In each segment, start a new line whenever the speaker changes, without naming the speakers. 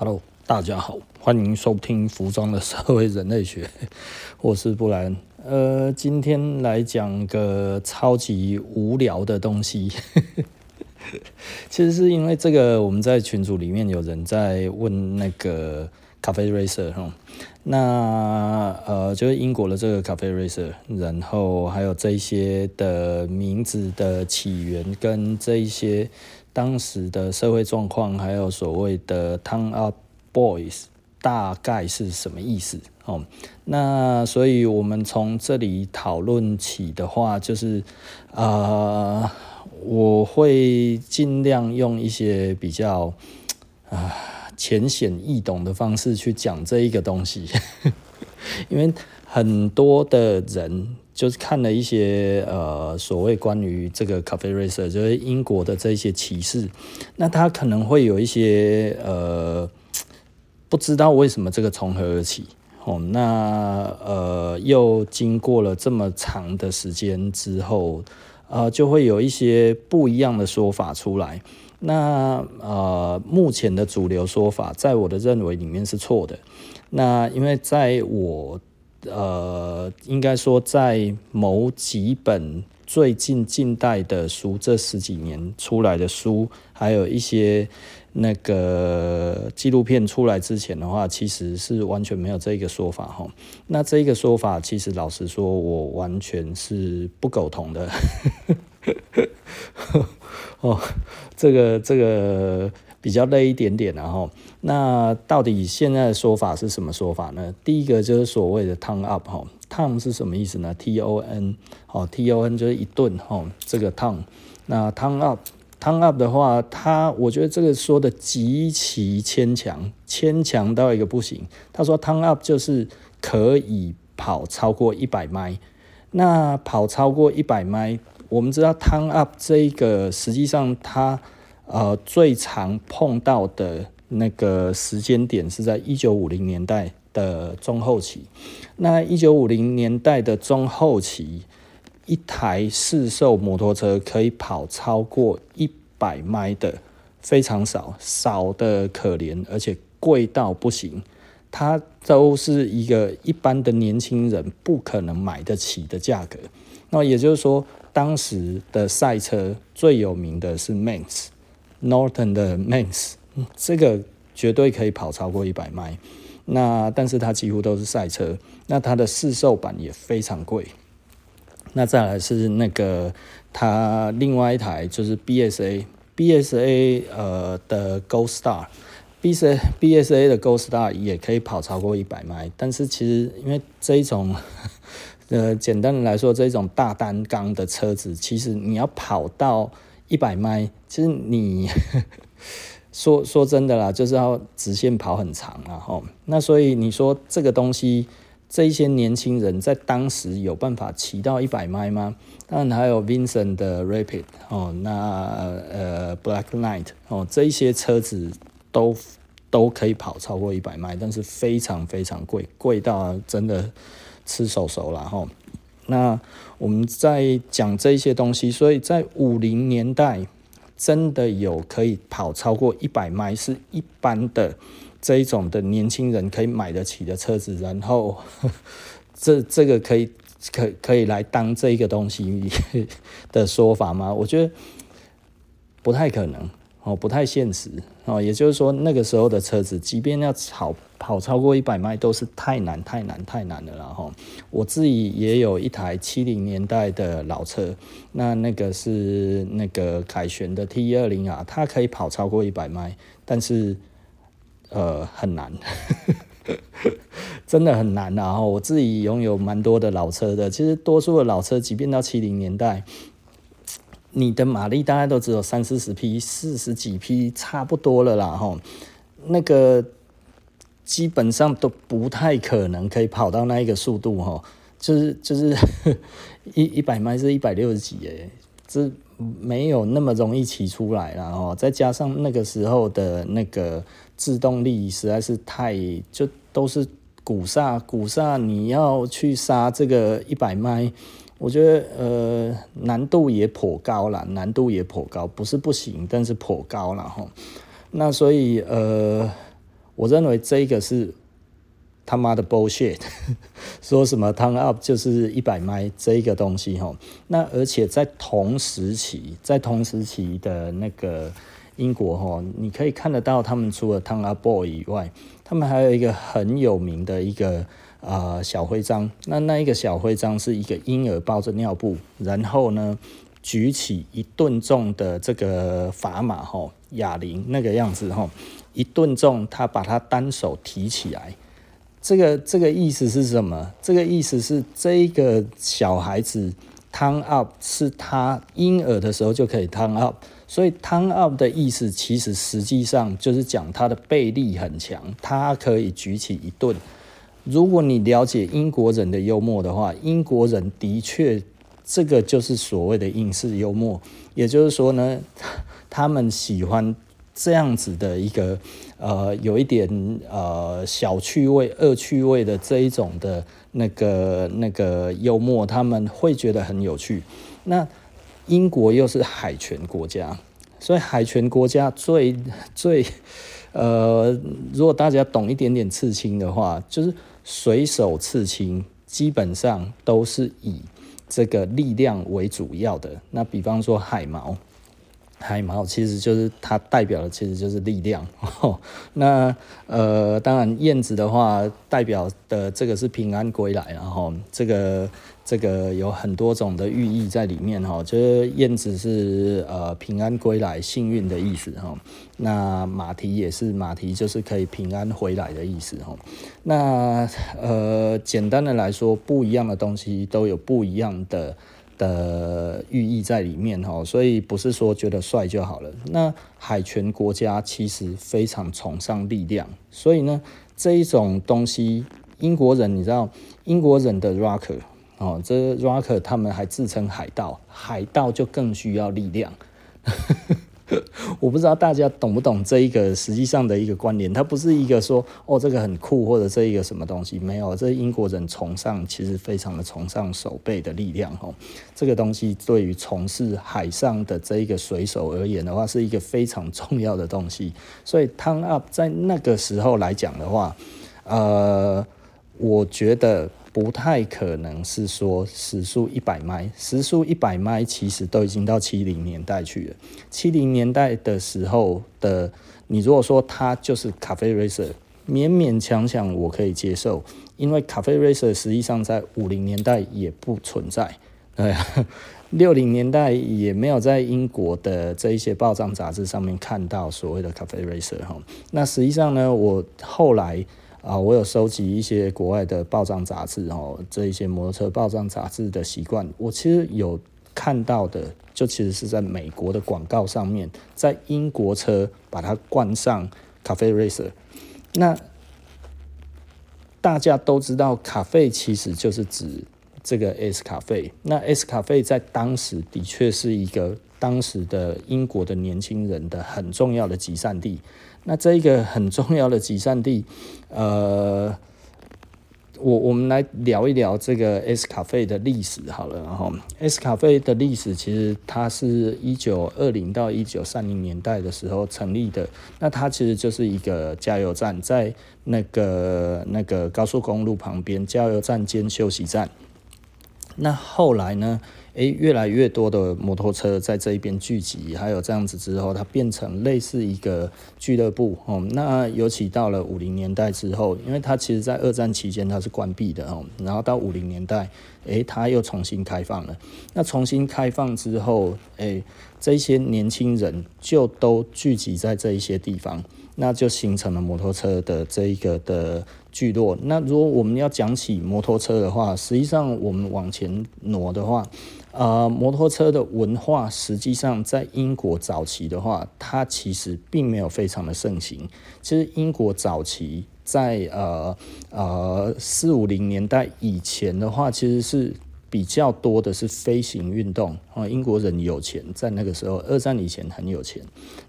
Hello，大家好，歡迎收聽《服裝的社會人類學》，我是布蘭。呃，今天來講個超級無聊的東西。 其實是因為這個，我們在群組裡面有人在問那個 Cafe Racer 哈、哦，那呃就是英國的這個 Cafe Racer，然後還有這些的名字的起源跟這一些。當時的社會狀況，還有所謂的 “Ton Up Boys” 大概是什麼意思？哦，那所以我們從這裡討論起的話，就是啊、呃，我會盡量用一些比較啊淺顯易懂的方式去講這一個東西， 因為很多的人。就是看了一些呃，所謂關於這個 Cafe Racer 就是英國的這些騎士，那他可能會有一些呃，不知道為什麼這個從何而起哦，那呃，又經過了這麼長的時間之後，呃，就會有一些不一樣的說法出來。那呃，目前的主流說法，在我的認為裡面是錯的。那因為在我呃，應該說，在某幾本最近近代的書，這十幾年出來的書，還有一些那個紀錄片出來之前的話，其實是完全沒有這一個說法哈。那這一個說法，其實老實說，我完全是不苟同的。 哦，這個，這個。比較累一點點，啊，然後那到底現在的說法是什麼說法呢？第一個就是所謂的 “ton up” 哈、哦，“ton” 是什麼意思呢？T O N，哦，T O N 就是一頓吼，哦、這個 “ton”。那 “ton up”、“ton up” 的話，它我覺得這個說的極其牽強，牽強到一個不行。他說 “ton up” 就是可以跑超過一百邁，那跑超過一百邁，我們知道 “ton up” 這一個實際上它。呃，最常碰到的那個時間點是在一九五零年代的中後期。那一九五零年代的中後期，一台市售摩托車可以跑超過一百邁的，非常少，少得可憐，而且貴到不行。它都是一個一般的年輕人不可能買得起的價格。那也就是說，當時的賽車最有名的是 Manx Norton 的 Manx，嗯、這個絕對可以跑超過一百邁。那但是它幾乎都是賽車，那它的市售版也非常貴。那再來是那個它另外一台就是 B S A B S A 呃，的 Gold Star B S B S A 的 Gold Star 也可以跑超過一百邁，但是其實因為這一種，呃，簡單的來說，這一種大單缸的車子，其實你要跑到。一百邁，其實你呵呵說說真的啦，就是要直線跑很長啊。吼。那所以你說這個東西，這一些年輕人在當時有辦法騎到一百邁嗎？當然還有 Vincent 的 Rapid 哦，那呃 Black Knight 哦，這一些車子都都可以跑超過一百邁，但是非常非常貴，貴到真的吃手手了吼。那我們在講這些東西，所以在五零年代，真的有可以跑超過一百邁是一般的這一種的年輕人可以買得起的車子，然後這這個可以可可以來當這一個東西的說法嗎？我覺得不太可能。哦，不太現實哦，也就是說那個時候的車子，即便要跑跑超過一百邁，都是太難、太難、太難的了哈、哦。我自己也有一台七零年代的老車，那那個是那個凱旋的 T 二零啊，它可以跑超過一百邁，但是呃很難， 真的很難啊、哦。然後我自己擁有蠻多的老車的，其實多數的老車，即便到七零年代。你的馬力大概都只有三四十匹，四十幾匹，差不多了啦，吼。那個基本上都不太可能可以跑到那一個速度，吼。就是就是一一百邁是一百六十幾，耶，這沒有那麼容易騎出來了，吼。再加上那個時候的那個制動力實在是太，就都是鼓剎，鼓剎，你要去剎這個一百邁。我覺得呃難度也頗高了，難度也頗高，不是不行，但是頗高了哈。那所以呃，我認為這個是他媽的 bullshit，說什麼 Ton Up 就是一百邁這一個東西哈。那而且在同時期，在同時期的那個英國哈，你可以看得到，他們除了 Ton Up Boy 以外，他們還有一個很有名的一個。呃，小徽章，那那一個小徽章是一個嬰兒抱着尿布，然後呢舉起一噸重的這個砝碼、哦，吼啞鈴那個樣子、哦，吼一噸重，他把他單手提起來。這個這個意思是什麼？這個意思是這個小孩子 ton up 是他嬰兒的時候就可以 ton up，所以 ton up 的意思其實實際上就是講他的臂力很強，他可以舉起一噸。如果你了解英國人的幽默的話，英國人的確這個就是所謂的英式幽默，也就是說呢，他們喜歡這樣子的一個呃有一點呃小趣味、惡趣味的這一種的那個那個幽默，他們會覺得很有趣。那英國又是海權國家，所以海權國家最最呃，如果大家懂一點點刺青的話，就是。水手刺青基本上都是以這個力量為主要的。那比方說海錨。還蠻好，其實就是它代表的其實就是力量。呵呵，那呃，當然燕子的話，代表的這個是平安歸來，然後這個這個有很多種的寓意在裡面哈。就是燕子是呃平安歸來、幸運的意思哈。那馬蹄也是馬蹄，就是可以平安回來的意思哈。那呃，簡單的來說，不一樣的東西都有不一樣的。的寓意在裡面哈。喔，所以不是說覺得帥就好了。那海權國家其實非常崇尚力量，所以呢這一種東西，英國人你知道，英國人的 rocker、喔、哦，這 rocker 他們還自稱海盜，海盜就更需要力量。 我不知道大家懂不懂這一個實際上的一個關聯，它不是一個說哦這個很酷或者這一個什麼東西，沒有，這英國人崇尚，其實非常的崇尚手背的力量哦，這個東西對於從事海上的這一個水手而言的話，是一個非常重要的東西，所以 Ton Up 在那個時候來講的話，呃，我覺得。不太可能是說時速一百邁，時速一百邁，其實都已經到七零年代去了。七零年代的時候的，你如果說它就是咖啡 racer，勉勉強強我可以接受，因為咖啡 racer 實際上在五零年代也不存在，對，六零年代也沒有在英國的這一些報章雜誌上面看到所謂的咖啡 racer 哈。那實際上呢，我後來。啊，我有收集一些國外的報章雜誌哦，這一些摩托車報章雜誌的習慣，我其實有看到的，就其實是在美國的廣告上面，在英國車把它冠上 Cafe Racer，那大家都知道，咖啡其實就是指這個 S 咖啡。那 S 咖啡在當時的確是一個當時的英國的年輕人的很重要的集散地，那這一個很重要的集散地。呃，我我們來聊一聊這個 Ace Cafe 的歷史好了，然後 Ace Cafe 的歷史其實它是一九二零到一九三零年代的時候成立的，那它其實就是一個加油站，在那個那個高速公路旁邊，加油站兼休息站。那後來呢，誒、欸，越來越多的摩托車在這一邊聚集，還有這樣子之後，它變成類似一個俱樂部哦。那尤其到了五零年代之後，因為它其實在二戰期間它是關閉的哦，然後到五零年代，誒、欸，它又重新開放了。那重新開放之後，誒、欸，這些年輕人就都聚集在這一些地方，那就形成了摩托車的這一個的聚落。那如果我們要講起摩托車的話，實際上我們往前挪的話。呃，摩托車的文化實際上在英國早期的話，它其實並沒有非常的盛行。其實英國早期在呃呃四五零年代以前的話，其實是。比較多的是飛行運動，英國人有錢，在那個時候二戰以前很有錢，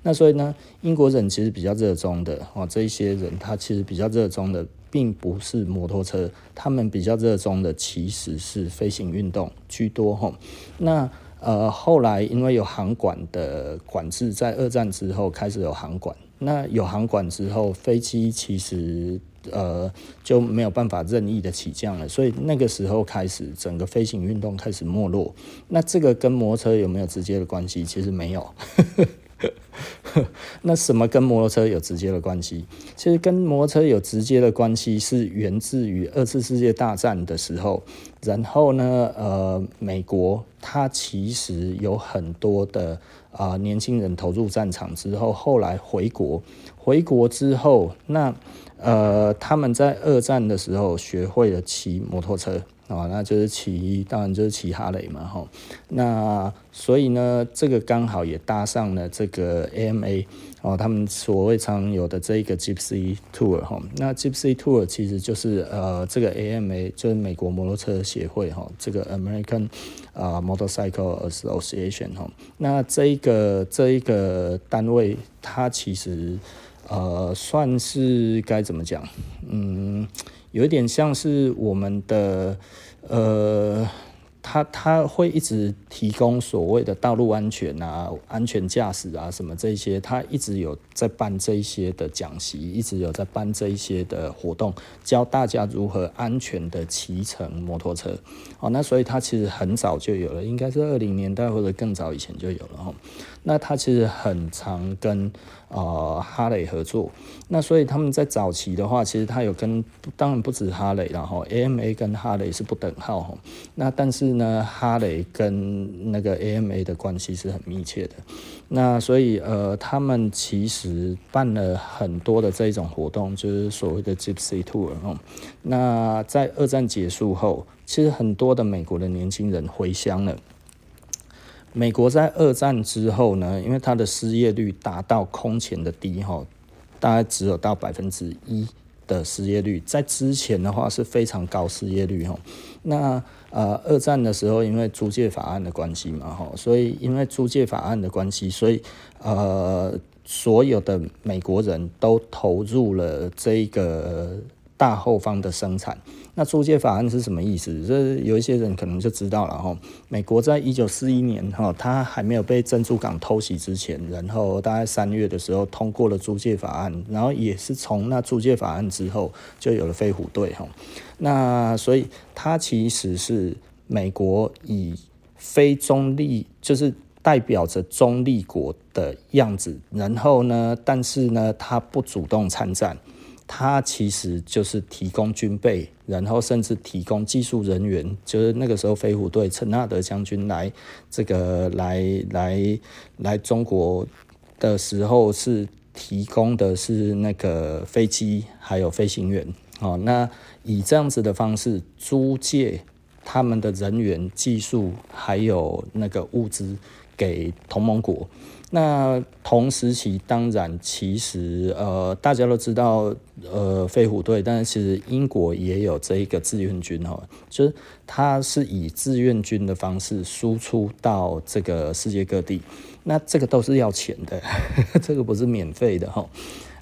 那所以呢，英國人其實比較熱衷的哦，這一些人他其實比較熱衷的，並不是摩托車，他們比較熱衷的其實是飛行運動居多，那呃，後來因為有航管的管制，在二戰之後開始有航管，那有航管之後，飛機其實。呃，就沒有辦法任意的起降了，所以那個時候開始，整個飛行運動開始沒落。那這個跟摩托車有沒有直接的關係？其實沒有。 那什麼跟摩托車有直接的關係？其實跟摩托車有直接的關係是源自於二次世界大戰的時候。然後呢，呃，美國它其實有很多的啊、呃、年輕人投入戰場之後，後來回國，回國之後那。呃，他們在二戰的時候學會了騎摩托車，哦，那就是騎，當然就是騎哈雷嘛，吼、哦。那所以呢，這個剛好也搭上了這個 AMA，哦，他們所謂常有的這一個 Gypsy Tour，吼、哦。那 Gypsy Tour 其實就是呃，這個 AMA 就是美國摩托車協會，哈、哦，這個 American 呃 Motorcycle Association，哈、哦。那這一個這一個單位，它其實。呃，算是該怎麼講？嗯，有一點像是我們的，呃，他他會一直提供所謂的道路安全啊、安全駕駛啊什麼這些，他一直有在辦這一些的講習，一直有在辦這一些的活動，教大家如何安全的騎乘摩托車。哦，那所以他其實很早就有了，應該是二零年代或者更早以前就有了哦。那他其實很常跟。呃，哈雷合作，那所以他們在早期的話，其實他有跟，當然不止哈雷了，然後 AMA 跟哈雷是不等號。那但是呢，哈雷跟那個 AMA 的關係是很密切的，那所以呃，他們其實辦了很多的這一種活動，就是所謂的 Gypsy Tour 哦，那在二戰結束後，其實很多的美國的年輕人回鄉了。美國在二戰之後呢，因為它的失業率達到空前的低吼，大概只有到百分之一的失業率，在之前的話是非常高失業率吼。那呃，二戰的時候因為租借法案的關係嘛吼。所以因為租借法案的關係，所以呃，所有的美國人都投入了這個大後方的生產。那租借法案是什麼意思？就是有一些人可能就知道了哈。美國在一九四一年哈，他還沒有被珍珠港偷襲之前，然後大概三月的時候通過了租借法案，然後也是從那租借法案之後就有了飛虎隊哈。那所以它其實是美國以非中立，就是代表着中立國的樣子，然後呢，但是呢，它不主動參戰。他其實就是提供軍備，然後甚至提供技術人員。就是那個時候，飛虎隊陳納德將軍來這個來來來中國的時候，是提供的是那個飛機，還有飛行員。哦，那以這樣子的方式租借他們的人員、技術，還有那個物資給同盟國。那同時期，當然其實呃，大家都知道。呃，飛虎隊，但是其實英國也有這一個志願軍哈、哦，就是他是以志願軍的方式輸出到這個世界各地，那這個都是要錢的，呵呵這個不是免費的哈、哦。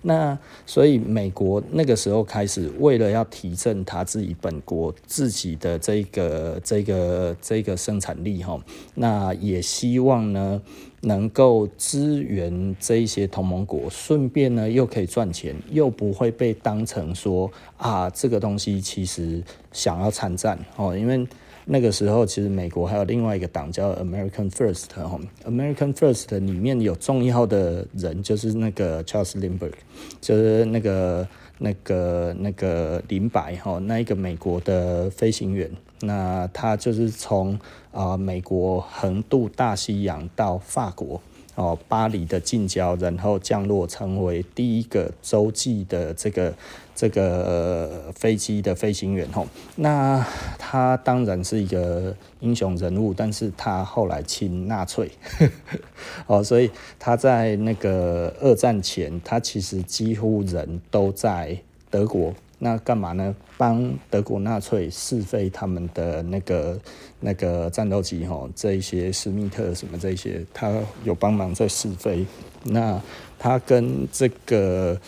那所以美國那個時候開始，為了要提振他自己本國自己的這個這個這個生產力吼，那也希望呢能夠支援這一些同盟國，順便呢又可以賺錢，又不會被當成說啊這個東西其實想要參戰哦，因為。那個時候，其實美國還有另外一個黨叫 American First 哈，American First 裡面有重要的人，就是那個 Charles Lindbergh，就是那個那個那個林白哈，那一個美國的飛行員，那他就是從啊美國橫渡大西洋到法國。哦，巴黎的近郊，然後降落，成為第一個洲際的這個這個飛機的飛行員。吼、哦，那他當然是一個英雄人物，但是他後來親納粹呵呵。哦，所以他在那個二戰前，他其實幾乎人都在德國。那幹嘛呢？幫德國納粹試飛他們的那個那個戰鬥機吼，這一些施密特什麼這一些，他有幫忙在試飛。那他跟這個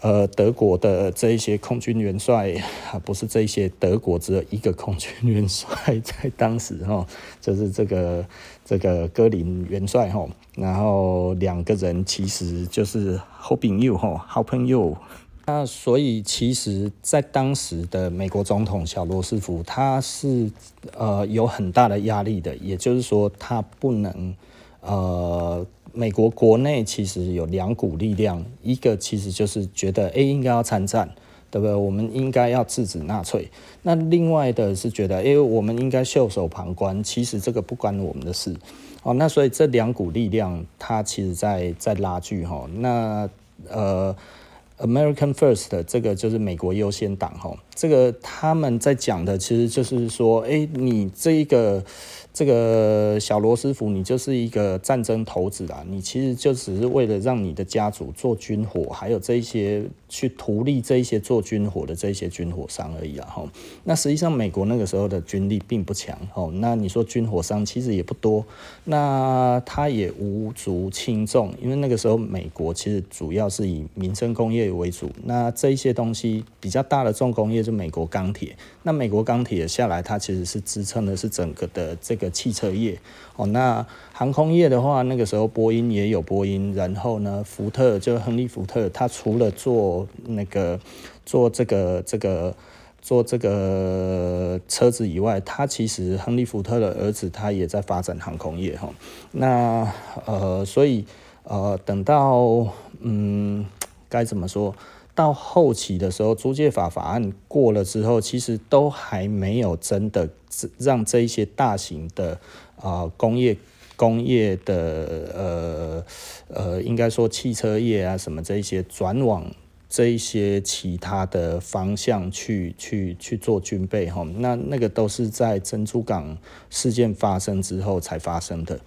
呃德國的這一些空軍元帥啊，不是這一些德國只有一個空軍元帥，在當時吼，就是這個這個戈林元帥吼，然後兩個人其實就是好朋友吼，好朋友。那所以，其實，在當時的美國總統小羅斯福，他是呃有很大的壓力的。也就是說，他不能呃，美國國內其實有兩股力量，一個其實就是覺得誒、欸、應該要參戰，對不對？我們應該要制止納粹。那另外的是覺得誒、欸，我們應該袖手旁觀，其實這個不關我們的事。哦，那所以這兩股力量，它其實在在拉鋸哈、哦。那呃。American First 這個就是美國優先黨吼，這個他們在講的其實就是說，哎、欸，你這一個這個小羅斯福，你就是一個戰爭頭子啊，你其實就只是為了讓你的家族做軍火，還有這一些。去圖利這一些做軍火的這些軍火商而已啊，那實際上美國那個時候的軍力並不強，那你說軍火商其實也不多，那他也無足輕重，因為那個時候美國其實主要是以民生工業為主。那這一些東西比較大的重工業是美國鋼鐵，那美國鋼鐵下來它其實是支撐的是整個的這個汽車業，哦，那。航空業的話，那個時候波音也有波音，然後呢，福特就亨利福特，他除了做那個做這個這個做這個車子以外，他其實亨利福特的兒子他也在發展航空業哈。那呃，所以呃，等到嗯該怎麼說，到後期的時候，租借法法案過了之後，其實都還沒有真的讓這一些大型的啊、呃、工業。工業的呃呃，應該說汽車業啊，什麼這一些轉往這一些其他的方向去去去做軍備哈，那那個都是在珍珠港事件發生之後才發生的。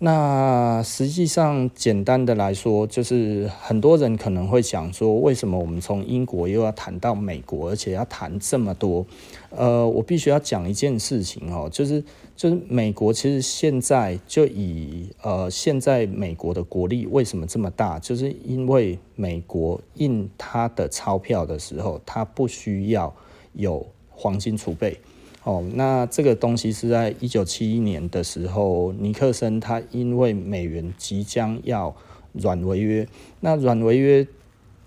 那實際上，簡單的來說，就是很多人可能會想說，為什麼我們從英國又要談到美國，而且要談這麼多？呃，我必須要講一件事情哦，就是。就是美國其實現在就以呃，現在美國的國力為什麼這麼大？就是因為美國印他的鈔票的時候，它不需要有黃金儲備。哦，那這個東西是在一九七一年的時候，尼克森他因為美元即將要軟違約，那軟違約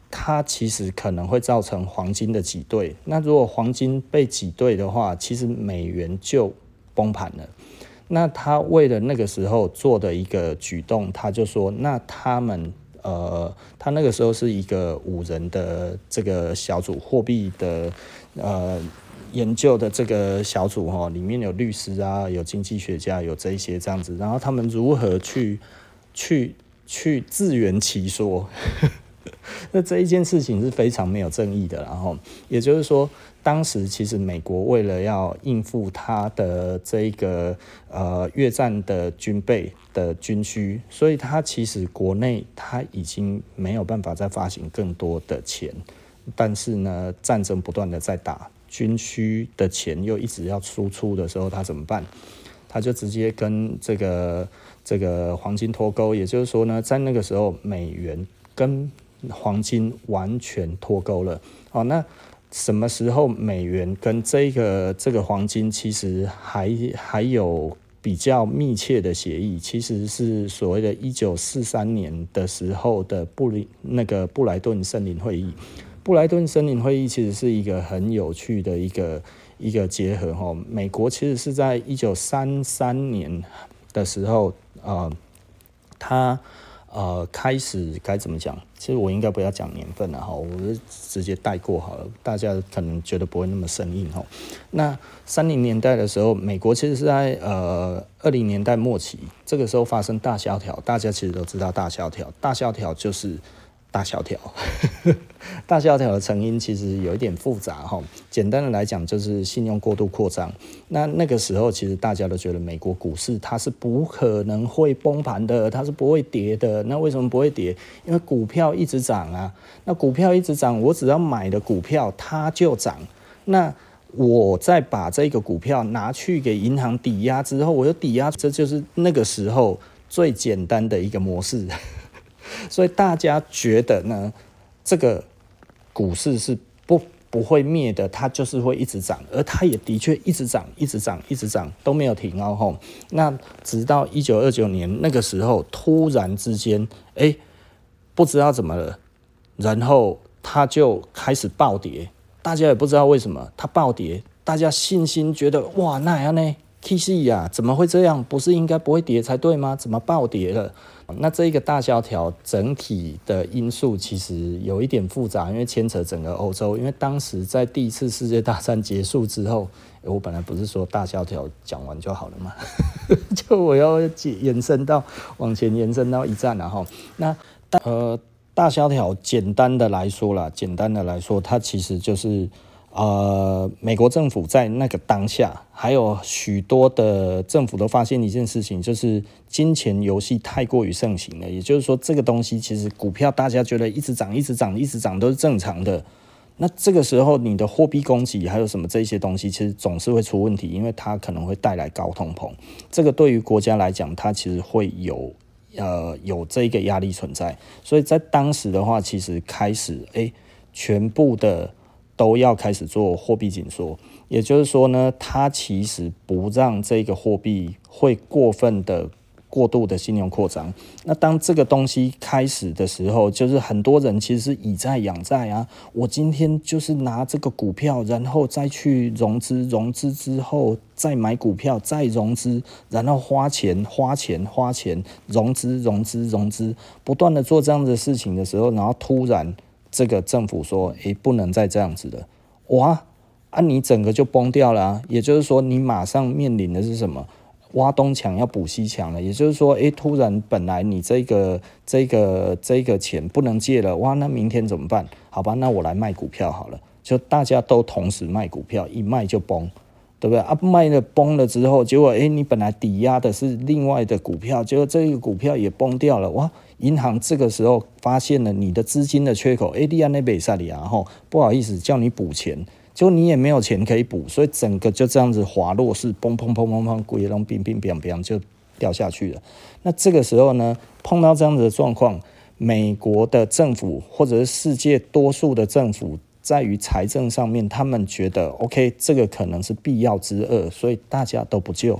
它其實可能會造成黃金的擠兌。那如果黃金被擠兌的話，其實美元就崩盤了，那他為了那個時候做的一個舉動，他就說：那他們呃，他那個時候是一個五人的這個小組，貨幣的呃研究的這個小組哈，裡面有律師啊，有經濟學家，有這一些這樣子，然後他們如何去去去自圓其說？ 那這一件事情是非常沒有正義的，然後也就是說。當時其實美國為了要應付它的這個呃越戰的軍備的軍需，所以它其實國內它已經沒有辦法再發行更多的錢，但是呢戰爭不斷的在打，軍需的錢又一直要輸出的時候，他怎麼辦？他就直接跟這個這個黃金脫鈎，也就是說呢，在那個時候美元跟黃金完全脫鈎了。好，哦，那。什麼時候美元跟這個這個黃金其實還還有比較密切的協議，其實是所謂的一九四三年的時候的布林那個布萊頓森林會議。布萊頓森林會議其實是一個很有趣的一個一個結合，美國其實是在一九三三年的時候，呃，他。呃，開始該怎麼講？其實我應該不要講年份了哈，我就直接帶過好了，大家可能覺得不會那麼生硬哈。那三零年代的時候，美國其實是在呃二零年代末期，這個時候發生大蕭條，大家其實都知道大蕭條，大蕭條就是。大蕭條，大蕭條的成因其實有一點複雜哈。簡單的來講，就是信用過度擴張。那那個時候，其實大家都覺得美國股市它是不可能會崩盤的，它是不會跌的。那為什麼不會跌？因為股票一直漲啊。那股票一直漲，我只要買的股票它就漲。那我再把這個股票拿去給銀行抵押之後，我又抵押，這就是那個時候最簡單的一個模式。所以大家覺得呢，這個股市是不不會滅的，它就是會一直漲，而它也的確一直漲，一直漲，一直漲都沒有停哦吼。那直到一九二九年那個時候，突然之間，哎、欸，不知道怎麼了，然後它就開始暴跌，大家也不知道為什麼它暴跌，大家信心覺得哇那樣呢，奇事呀！怎麼會這樣？不是應該不會跌才對嗎？怎麼暴跌了？那這個大蕭條整體的因素其實有一點複雜，因為牽扯整個歐洲。因為當時在第一次世界大戰結束之後，欸、我本來不是說大蕭條講完就好了嘛， 就我要延伸到往前延伸到一戰、啊，然後那呃大蕭條簡單的來說啦，簡單的來說，它其實就是。呃，美國政府在那個當下，還有許多的政府都發現一件事情，就是金錢遊戲太過於盛行了。也就是說，這個東西其實股票大家覺得一直漲、一直漲、一直漲都是正常的。那這個時候，你的貨幣供給還有什麼這些東西，其實總是會出問題，因為它可能會帶來高通膨。這個對於國家來講，它其實會有呃，有這個壓力存在。所以在當時的話，其實開始哎、欸，全部的。都要開始做貨幣緊縮，也就是說呢，它其實不讓這個貨幣會過分的、過度的信用擴張。那當這個東西開始的時候，就是很多人其實是以債養債啊，我今天就是拿這個股票，然後再去融資，融資之後再買股票，再融資，然後花錢、花錢、花錢，融資、融資、融資，不斷的做這樣的事情的時候，然後突然。這個政府說：“哎，不能再這樣子了，哇！那、啊、你整個就崩掉了、啊。也就是說，你馬上面臨的是什麼？挖東牆要補西牆了。也就是說，哎，突然本來你這個這個這個錢不能借了，哇！那明天怎麼辦？好吧，那我來賣股票好了。就大家都同時賣股票，一賣就崩。”對不對？啊，賣了崩了之後，結果哎，你本來抵押的是另外的股票，結果這個股票也崩掉了。哇，銀行這個時候發現了你的資金的缺口，哎，掉那邊在哪裡啊？吼，不好意思，叫你補錢，結果你也沒有錢可以補，所以整個就這樣子滑落，是嘣砰,砰砰砰砰，鬼也崩，崩崩崩就掉下去了。那這個時候呢，碰到這樣子的狀況，美國的政府或者是世界多數的政府。在於財政上面，他們覺得 OK，這個可能是必要之惡，所以大家都不救，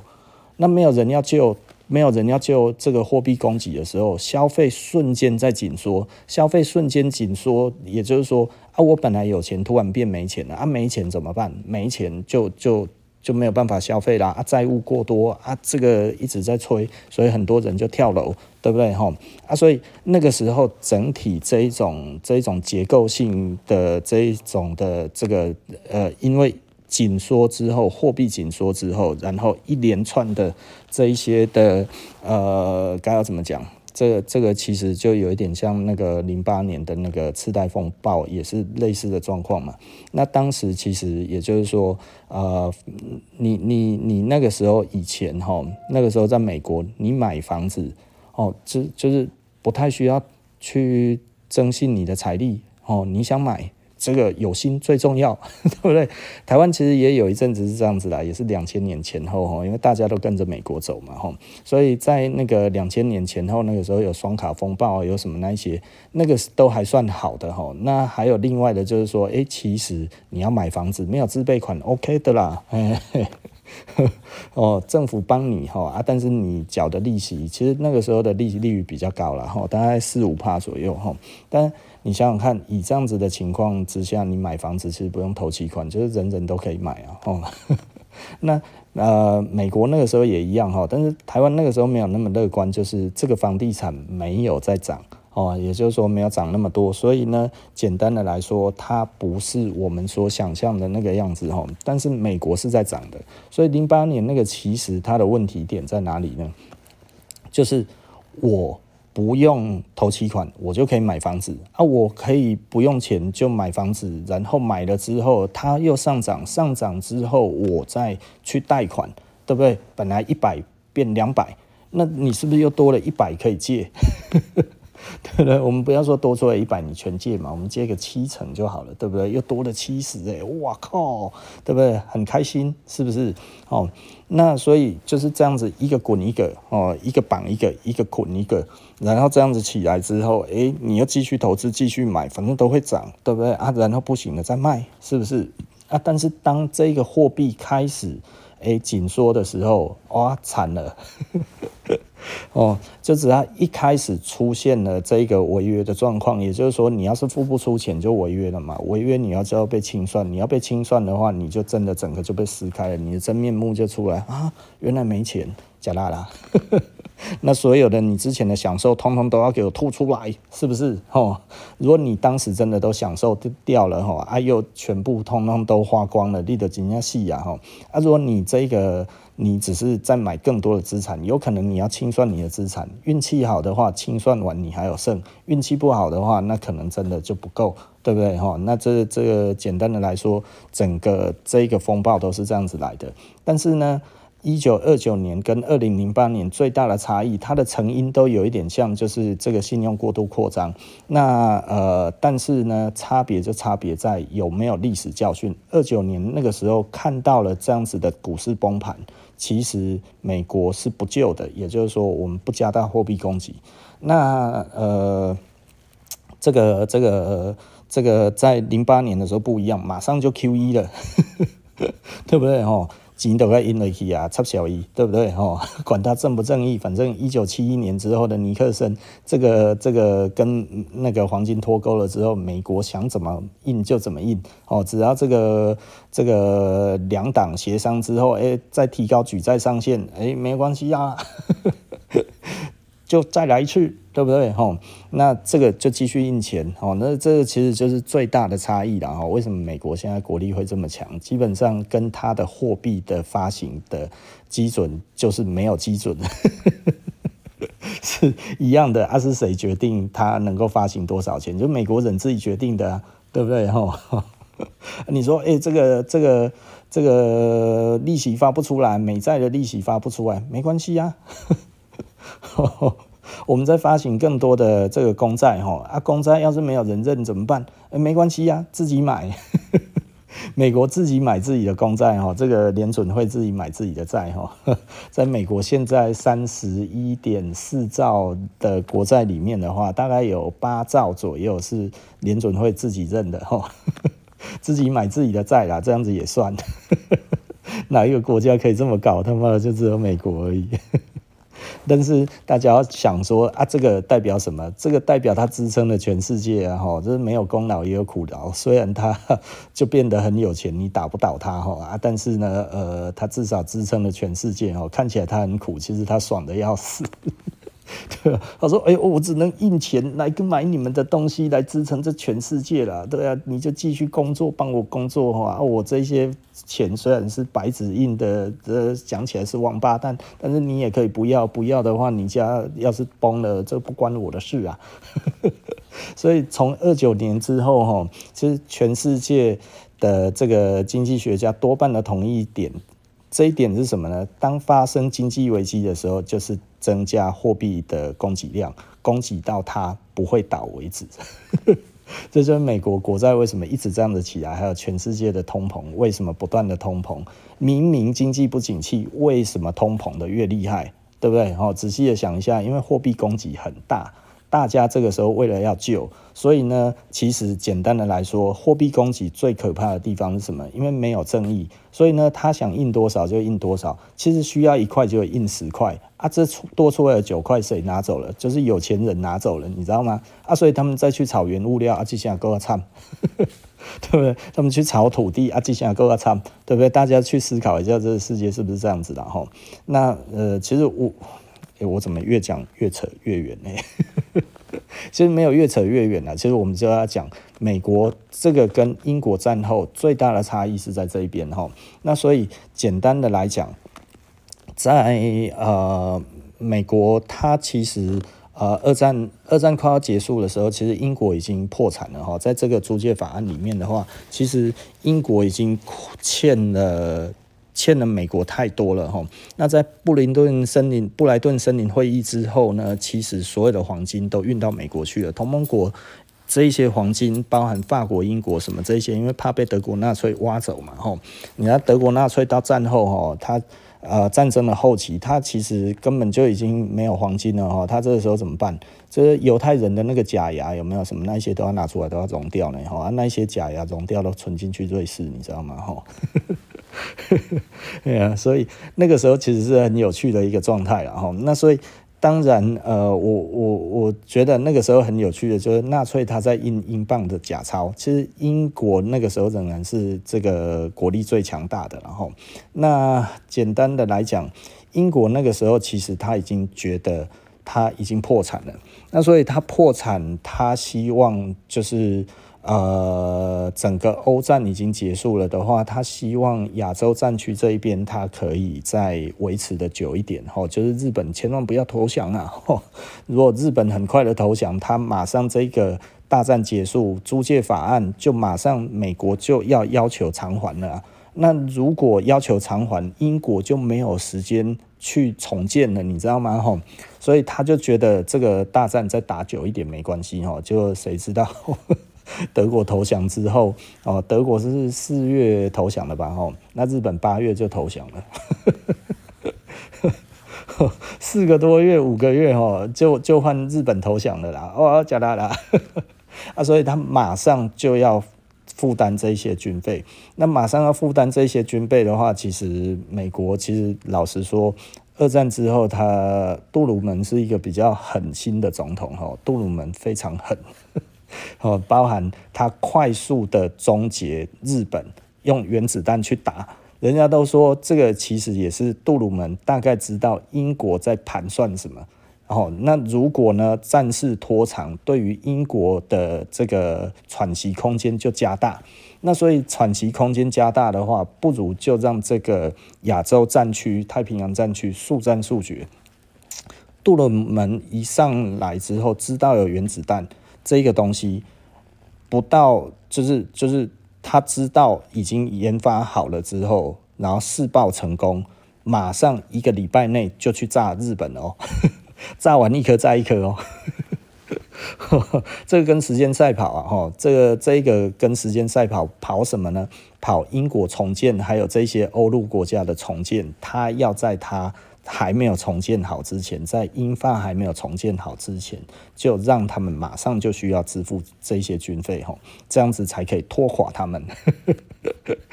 那沒有人要救，沒有人要救這個貨幣供給的時候，消費瞬間在緊縮，消費瞬間緊縮，也就是說啊，我本來有錢，突然變沒錢了，啊，沒錢怎麼辦？沒錢就就。就沒有辦法消費啦啊，債務過多啊，這個一直在催，所以很多人就跳樓，對不對哈、哦？啊，所以那個時候整體這一種這一種結構性的這一種的這個呃，因為緊縮之後，貨幣緊縮之後，然後一連串的這一些的呃，該要怎麼講？這個、這個其實就有一點像那個零八年的那個次貸風暴，也是類似的狀況嘛。那當時其實也就是說，呃，你你你那個時候以前哈、哦，那個時候在美國，你買房子哦，就就是不太需要去徵信你的財力哦，你想買。這個有心最重要，對不對？台灣其實也有一陣子是這樣子啦，也是兩千年前後哈，因為大家都跟着美國走嘛哈，所以在那個兩千年前後那個時候有雙卡風暴有什麼那些，那個都還算好的哈。那還有另外的就是說，誒，其實你要買房子沒有自備款，OK 的啦，嘿哦，政府幫你哈啊，但是你繳的利息，其實那個時候的利息利率比較高啦哈，大概四五趴左右哈，但。你想想看，以這樣子的情況之下，你買房子其實不用頭期款，就是人人都可以買啊。哦， 那呃，美國那個時候也一樣哈，但是台灣那個時候沒有那麼樂觀，就是這個房地產沒有在漲哦，也就是說沒有漲那麼多。所以呢，簡單的來說，它不是我們所想象的那個樣子哈。但是美國是在漲的，所以零八年，那個其實它的問題點在哪裡呢？就是我。不用頭期款，我就可以買房子啊！我可以不用錢就買房子，然後買了之後它又上漲，上漲之後我再去貸款，對不對？本來一百變兩百，那你是不是又多了一百可以借？對不對？我們不要說多出來一百你全借嘛，我們借個七成就好了，對不對？又多了七十哎，哇靠，對不對？很開心，是不是？哦。那所以就是這樣子一個滾一個哦，一個綁一個，一個滾一個，然後這樣子起來之後，哎，你要繼續投資繼續買，反正都會漲，對不對啊？然後不行了再賣，是不是啊？但是當這個貨幣開始。哎，緊縮、欸、的時候，哇，慘了！ 哦，就只要一開始出現了這個違約的狀況，也就是說，你要是付不出錢就違約了嘛。違約你要知道被清算，你要被清算的話，你就真的整個就被撕開了，你的真面目就出來啊！原來沒錢，假大啦。 那所有的你之前的享受，通通都要給我吐出來，是不是？吼、哦，如果你當時真的都享受掉了，吼，哎呦，全部通通都花光了，立的金壓細呀，吼，啊，如果你這個你只是在買更多的資產，有可能你要清算你的資產，運氣好的話，清算完你還有剩；運氣不好的話，那可能真的就不夠，對不對？吼、哦，那這這個簡單的來說，整個這個風暴都是這樣子來的，但是呢，一九二九年跟二零零八年最大的差異，它的成因都有一點像，就是這個信用過度擴張。那呃，但是呢，差別就差別在有沒有歷史教訓。二九年那個時候看到了這樣子的股市崩盤，其實美國是不救的，也就是說我們不加大貨幣供給。那呃，這個這個、呃、這個在零八年的時候不一樣，馬上就 QE 了， 對不對吼！錢都該印得起啊，插小一，對不對？哦，管他正不正義，反正一九七一年之後的尼克森，這個這個跟那個黃金脫鈎了之後，美國想怎麼印就怎麼印，哦，只要這個這個兩黨協商之後，哎、欸，再提高舉債上限，哎、欸，沒關係啊。 就再來一次，對不對？吼、哦，那這個就繼續印錢，吼、哦，那這個其實就是最大的差異了，吼、哦。為什麼美國現在國力會這麼強？基本上跟它的貨幣的發行的基準就是沒有基準， 是一樣的。它、啊、是誰決定它能夠發行多少錢？就美國人自己決定的、啊，對不對？吼、哦哦，你說，誒，這個這個這個利息發不出來，美債的利息發不出來，沒關係呀、啊。 我們在發行更多的這個公債哈啊，公債要是沒有人認怎麼辦？欸，沒關係呀，啊，自己買。 美國自己買自己的公債哈，這個聯準會自己買自己的債哈。在美國現在三十一點四兆的國債裡面的話，大概有八兆左右是聯準會自己認的哈， 自己買自己的債啦，這樣子也算。 哪一個國家可以這麼搞？他媽的，就只有美國而已。但是大家想說啊，這個代表什麼？這個代表他支撐了全世界啊！哈，就是沒有功勞也有苦勞。雖然他就變得很有錢，你打不倒他哈啊！但是呢，呃，他至少支撐了全世界哦。看起來他很苦，其實他爽得要死。對、啊、他說：“哎喲我只能印錢來買你們的東西來支撐這全世界了。對、啊、你就繼續工作，幫我工作哈、啊。我這些錢雖然是白紙印的，這講起來是王八蛋，但是你也可以不要。不要的話，你家要是崩了，這不關我的事啊。 所以從二九年之後哈，其實全世界的這個經濟學家多半的同意一點，這一點是什麼呢？當發生經濟危機的時候，就是。”增加貨幣的供給量，供給到它不會倒為止。 這就是美國國債為什麼一直這樣子起來，還有全世界的通膨，為什麼不斷的通膨？明明經濟不景氣，為什麼通膨的越厲害，對不對？好、哦，仔細的想一下，因為貨幣供給很大。大家這個時候為了要救，所以呢，其實簡單的來說，貨幣供給最可怕的地方是什麼？因為沒有正義，所以呢，他想印多少就印多少。其實需要一塊就印十塊啊，這出多出來的九塊誰拿走了？就是有錢人拿走了，你知道嗎？啊，所以他們再去炒原物料啊，這下更加慘，對不對？他們去炒土地啊，這下更加慘，對不對？大家去思考一下，這個世界是不是這樣子的哈？那呃，其實我。欸、我怎麼越講越扯越遠呢？ 其實沒有越扯越遠了。其實我們就要講美國這個跟英國戰後最大的差異是在這一邊哈。那所以簡單的來講，在呃美國，它其實啊、呃、二戰二戰快要結束的時候，其實英國已經破產了哈。在這個租借法案裡面的話，其實英國已經欠了。欠了美國太多了哈，那在布林頓森林、布萊頓森林會議之後呢，其實所有的黃金都運到美國去了。同盟國這一些黃金，包含法國、英國什麼這些，因為怕被德國納粹挖走嘛吼，你看德國納粹到戰後吼他。呃，戰爭的後期，他其實根本就已經沒有黃金了哈，他這個時候怎麼辦？這猶太人的那個假牙有沒有什麼那些都要拿出來，都要熔掉呢哈，啊、那一些假牙熔掉都存進去瑞士，你知道嗎哈？ 對啊，所以那個時候其實是很有趣的一個狀態哈，那所以。當然，呃，我我我覺得那個時候很有趣的，就是納粹他在印英鎊的假鈔。其實英國那個時候仍然是這個國力最強大的。然後，那簡單的來講，英國那個時候其實他已經覺得他已經破產了。那所以他破產，他希望就是。呃，整個歐戰已經結束了的話，他希望亞洲戰區這一邊他可以再維持得久一點，吼，就是日本千萬不要投降啊！吼，如果日本很快的投降，他馬上這個大戰結束，租借法案就馬上美國就要要求償還了啊。那如果要求償還，英國就沒有時間去重建了，你知道嗎？吼，所以他就覺得這個大戰再打久一點沒關係，吼，就誰知道？德國投降之後，哦，德國是四月投降了吧？吼，那日本八月就投降了，四 個多月，五個月，哦，就就換日本投降了啦。哦，假啦啦，啊，所以他馬上就要負擔這一些軍費。那馬上要負擔這些軍備的話，其實美國其實老實說，二戰之後，他杜魯門是一個比較狠心的總統，杜魯門非常狠。哦，包含他快速的終結日本，用原子彈去打。人家都說這個其實也是杜魯門大概知道英國在盤算什麼。哦，那如果呢，戰事拖長，對於英國的這個喘息空間就加大。那所以喘息空間加大的話，不如就讓這個亞洲戰區、太平洋戰區速戰速決。杜魯門一上來之後，知道有原子彈。這個東西不到就是就是他知道已經研發好了之後，然後試爆成功，馬上一個禮拜內就去炸日本哦，呵呵炸完一顆再一顆哦，呵呵這個跟時間賽跑啊、哦、這個這個跟時間賽跑跑什麼呢？跑英國重建，還有這些歐陸國家的重建，他要在他。還沒有重建好之前，在英法還沒有重建好之前，就讓他們馬上就需要支付這些軍費哈，這樣子才可以拖垮他們。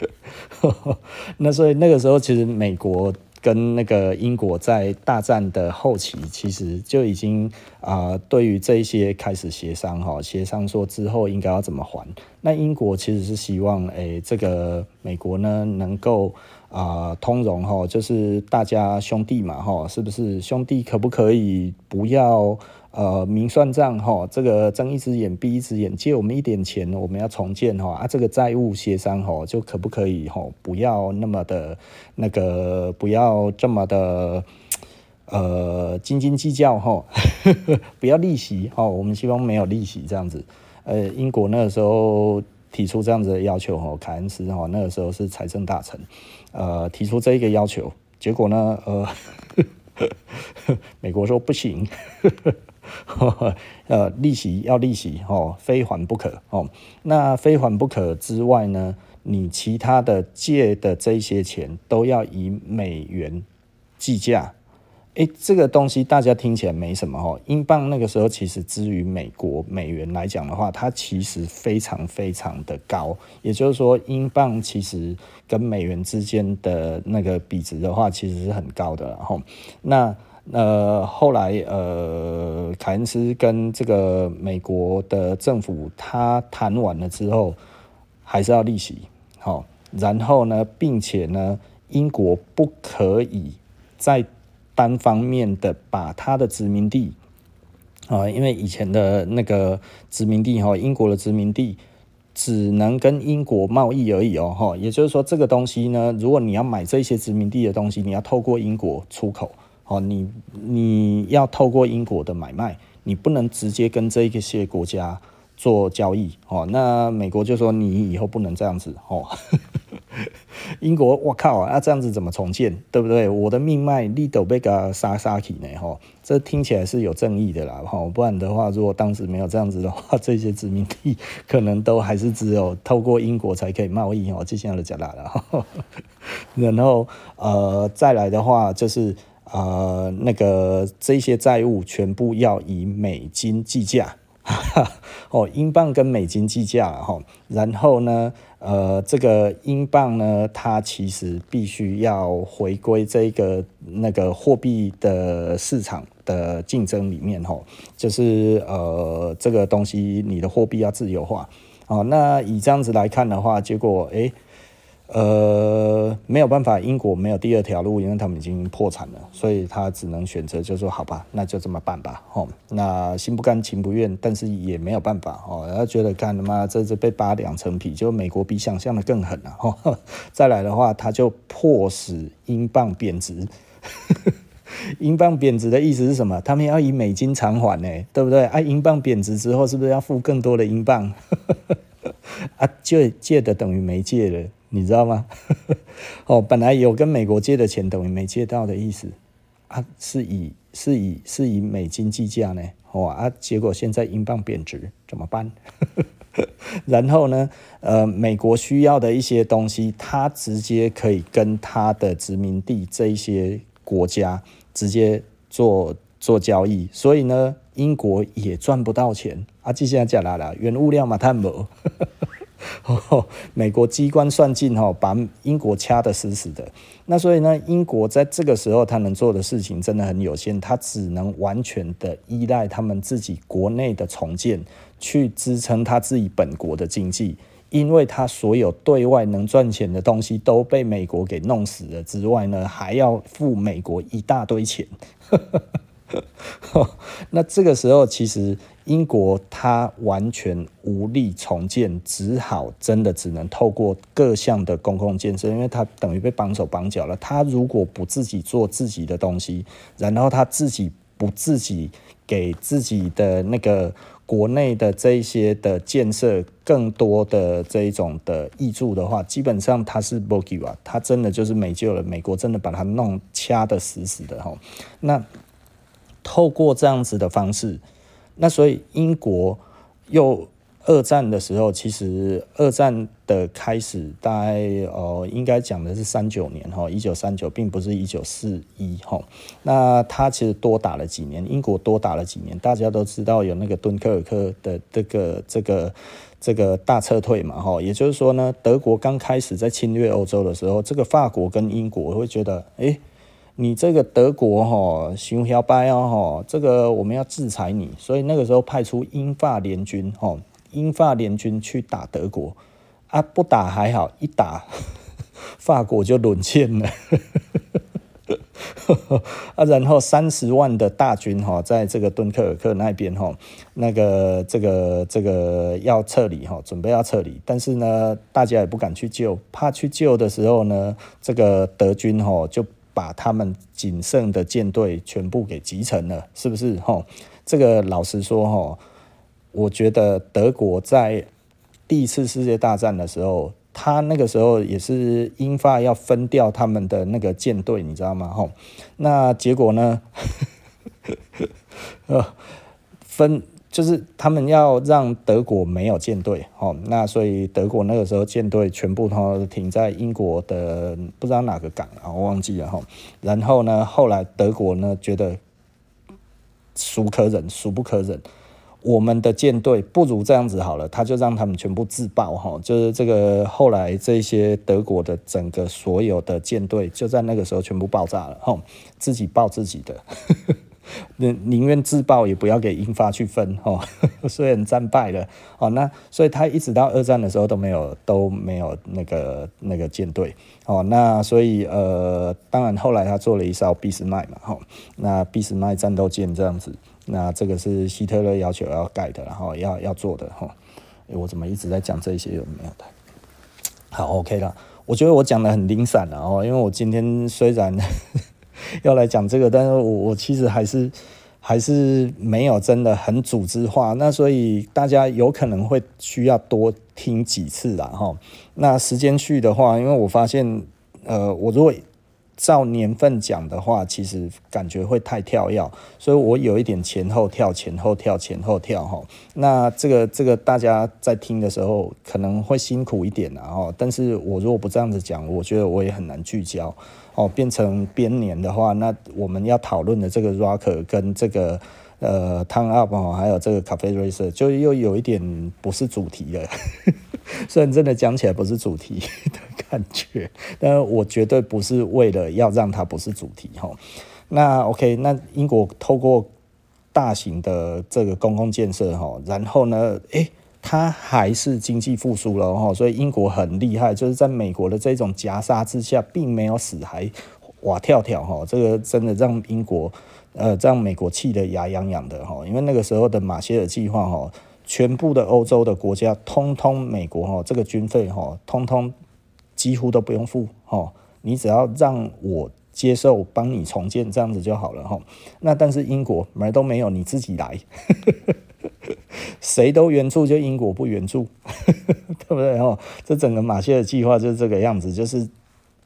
那所以那個時候，其實美國跟那個英國在大戰的後期，其實就已經啊、呃，對於這些開始協商哈，協商說之後應該要怎麼還。那英國其實是希望誒、欸，這個美國呢能夠。啊、呃，通融哈、哦，就是大家兄弟嘛哈、哦，是不是兄弟可不可以不要呃明算賬哈、哦？這個睜一隻眼閉一隻眼，借我們一點錢，我們要重建哈、哦、啊，這個債務協商哈、哦、就可不可以哈、哦？不要那麼的那個，不要這麼的呃斤斤計較哈，哦、 不要利息哈、哦，我們希望沒有利息這樣子。呃、欸，英國那個時候提出這樣子的要求哦，凱恩斯哦，那個時候是財政大臣，呃，提出這一個要求，結果呢，呃，呵呵呵，美國說不行，呵呵，呃，利息要利息哦，非還不可哦，那非還不可之外呢，你其他的借的這些錢都要以美元計價。誒，這個東西大家聽起來沒什麼哈、哦。英鎊那個時候其實，之於美國美元來講的話，它其實非常非常的高。也就是說，英鎊其實跟美元之間的那個比值的話，其實是很高的。然後，那呃，後來呃，凱恩斯跟這個美國的政府他談完了之後，還是要利息好。然後呢，並且呢，英國不可以再單方面的把他的殖民地，啊，因為以前的那個殖民地和英國的殖民地只能跟英國貿易而已哦，哈，也就是說這個東西呢，如果你要買這些殖民地的東西，你要透過英國出口，哦，你你要透過英國的買賣，你不能直接跟這一些國家。做交易哦，那美國就說你以後不能這樣子哦呵呵。英國，我靠、啊，那、啊、這樣子怎麼重建，對不對？我的命脈你都被個殺殺去呢哈。這聽起來是有正義的啦、哦、不然的話，如果當時沒有這樣子的話，這些殖民地可能都還是只有透過英國才可以貿易哦。接下來就講啦了、哦，然後呃再來的話就是呃那個這些債務全部要以美金計價。哦，英鎊 跟美金計價哈，然後呢，呃，這個英鎊呢，它其實必須要回歸這個那個貨幣的市場的競爭裡面哈，就是呃，這個東西你的貨幣要自由化哦，那以這樣子來看的話，結果誒。呃，沒有辦法，英國沒有第二條路，因為他們已經破產了，所以他只能選擇就說好吧，那就這麼辦吧。哦、那心不甘情不願，但是也沒有辦法。吼、哦，然後覺得幹嘛，幹他媽這被扒兩層皮，就美國比想象的更狠了，啊哦。再來的話，他就迫使英鎊貶值呵呵。英鎊貶值的意思是什麼？他們要以美金償還，對不對？啊，英鎊貶值之後，是不是要付更多的英鎊？呵呵啊，借借的等於沒借了。你知道嗎？ 哦，本來有跟美國借的錢，等於沒借到的意思，啊，是以是以是以美金計價呢，哇、哦，啊，結果現在英鎊貶值，怎麼辦？ 然後呢，呃，美國需要的一些東西，它直接可以跟它的殖民地這一些國家直接做做交易，所以呢，英國也賺不到錢，啊，記現在講啦，原物料嘛，碳博。哦、美國機關算盡哈、哦，把英國掐得死死的。那所以呢，英國在這個時候他能做的事情真的很有限，他只能完全的依賴他們自己國內的重建去支撐他自己本國的經濟，因為他所有對外能賺錢的東西都被美國給弄死了，之外呢還要付美國一大堆錢。 哦、那這個時候其實。英國它完全無力重建，只好真的只能透過各項的公共建設，因為它等於被綁手綁腳了。它如果不自己做自己的東西，然後它自己不自己給自己的那個國內的這一些的建設更多的這一種的挹注的話，基本上它是 boogie 它真的就是沒救了。美國真的把它弄掐得死死的吼。那透過這樣子的方式。那所以英國又二戰的時候，其實二戰的開始大概哦、呃，應該講的是三九年哈，一九三九，並不是一九四一哈。那他其實多打了幾年，英國多打了幾年，大家都知道有那個敦刻爾克的這個這個這個大撤退嘛，哈。也就是說呢，德國剛開始在侵略歐洲的時候，這個法國跟英國會覺得哎。欸你這個德國哈、喔，行不拜哦，這個我們要制裁你，所以那個時候派出英法聯軍吼、喔，英法聯軍去打德國，啊不打還好，一打法國就淪陷了，啊 然後三十萬的大軍吼、喔，在這個敦刻爾克那邊吼、喔，那個這個這個要撤離吼、喔，準備要撤離，但是呢，大家也不敢去救，怕去救的時候呢，這個德軍吼、喔，就。把他們僅剩的艦隊全部給集成了，是不是？吼、哦，這個老實說，吼、哦，我覺得德國在第一次世界大戰的時候，他那個時候也是英法要分掉他們的那個艦隊，你知道嗎？吼、哦，那結果呢？ 分。就是他們要讓德國沒有艦隊，吼，那所以德國那個時候艦隊全部都停在英國的不知道哪個港，啊，我忘記了吼，然後呢，後來德國呢覺得，孰可忍孰不可忍，我們的艦隊不如這樣子好了，他就讓他們全部自爆，吼，就是這個後來這些德國的整個所有的艦隊就在那個時候全部爆炸了，吼，自己爆自己的。 寧願自爆也不要給英法去分哦，雖然戰敗了、哦、那所以他一直到二戰的時候都沒有都沒有那個那個艦隊、哦、那所以呃，當然後來他做了一艘俾斯麥嘛、哦、那俾斯麥戰鬥艦這樣子，那這個是希特勒要求要蓋的，然後哦，要要做的、哦、欸、我怎麼一直在講這些有沒有的。好 OK 了，我覺得我講得很零散了、哦、因為我今天雖然。 要來講這個，但是我我其實還是還是沒有真的很組織化，那所以大家有可能會需要多聽幾次啦齁。那時間序的話，因為我發現，呃，我如果照年份講的話，其實感覺會太跳躍，所以我有一點前後跳，前後跳，前後跳齁。那這個這個大家在聽的時候可能會辛苦一點啊齁，但是我如果不這樣子講，我覺得我也很難聚焦。哦，變成編年的話，那我們要討論的這個 Rocker 跟這個呃 Ton Up 哦，還有這個 Cafe Racer 就又有一點不是主題了。 雖然真的講起來不是主題的感覺，但是我絕對不是為了要讓它不是主題，哦，那 OK，那英國透過大型的這個公共建設，哦，然後呢，哎。他還是經濟復甦了哈，所以英國很厲害，就是在美國的這種夾殺之下，並沒有死，還活跳跳哈，這個真的讓英國呃讓美國氣得牙癢癢的哈，因為那個時候的馬歇爾計劃哈，全部的歐洲的國家通通美國哈，這個軍費哈，通通幾乎都不用付哈，你只要讓我接受幫你重建這樣子就好了哈，那但是英國門都沒有，你自己來。 誰 都援助，就英國不援助， 對不對吼？這整個馬歇爾計劃就是這個樣子，就是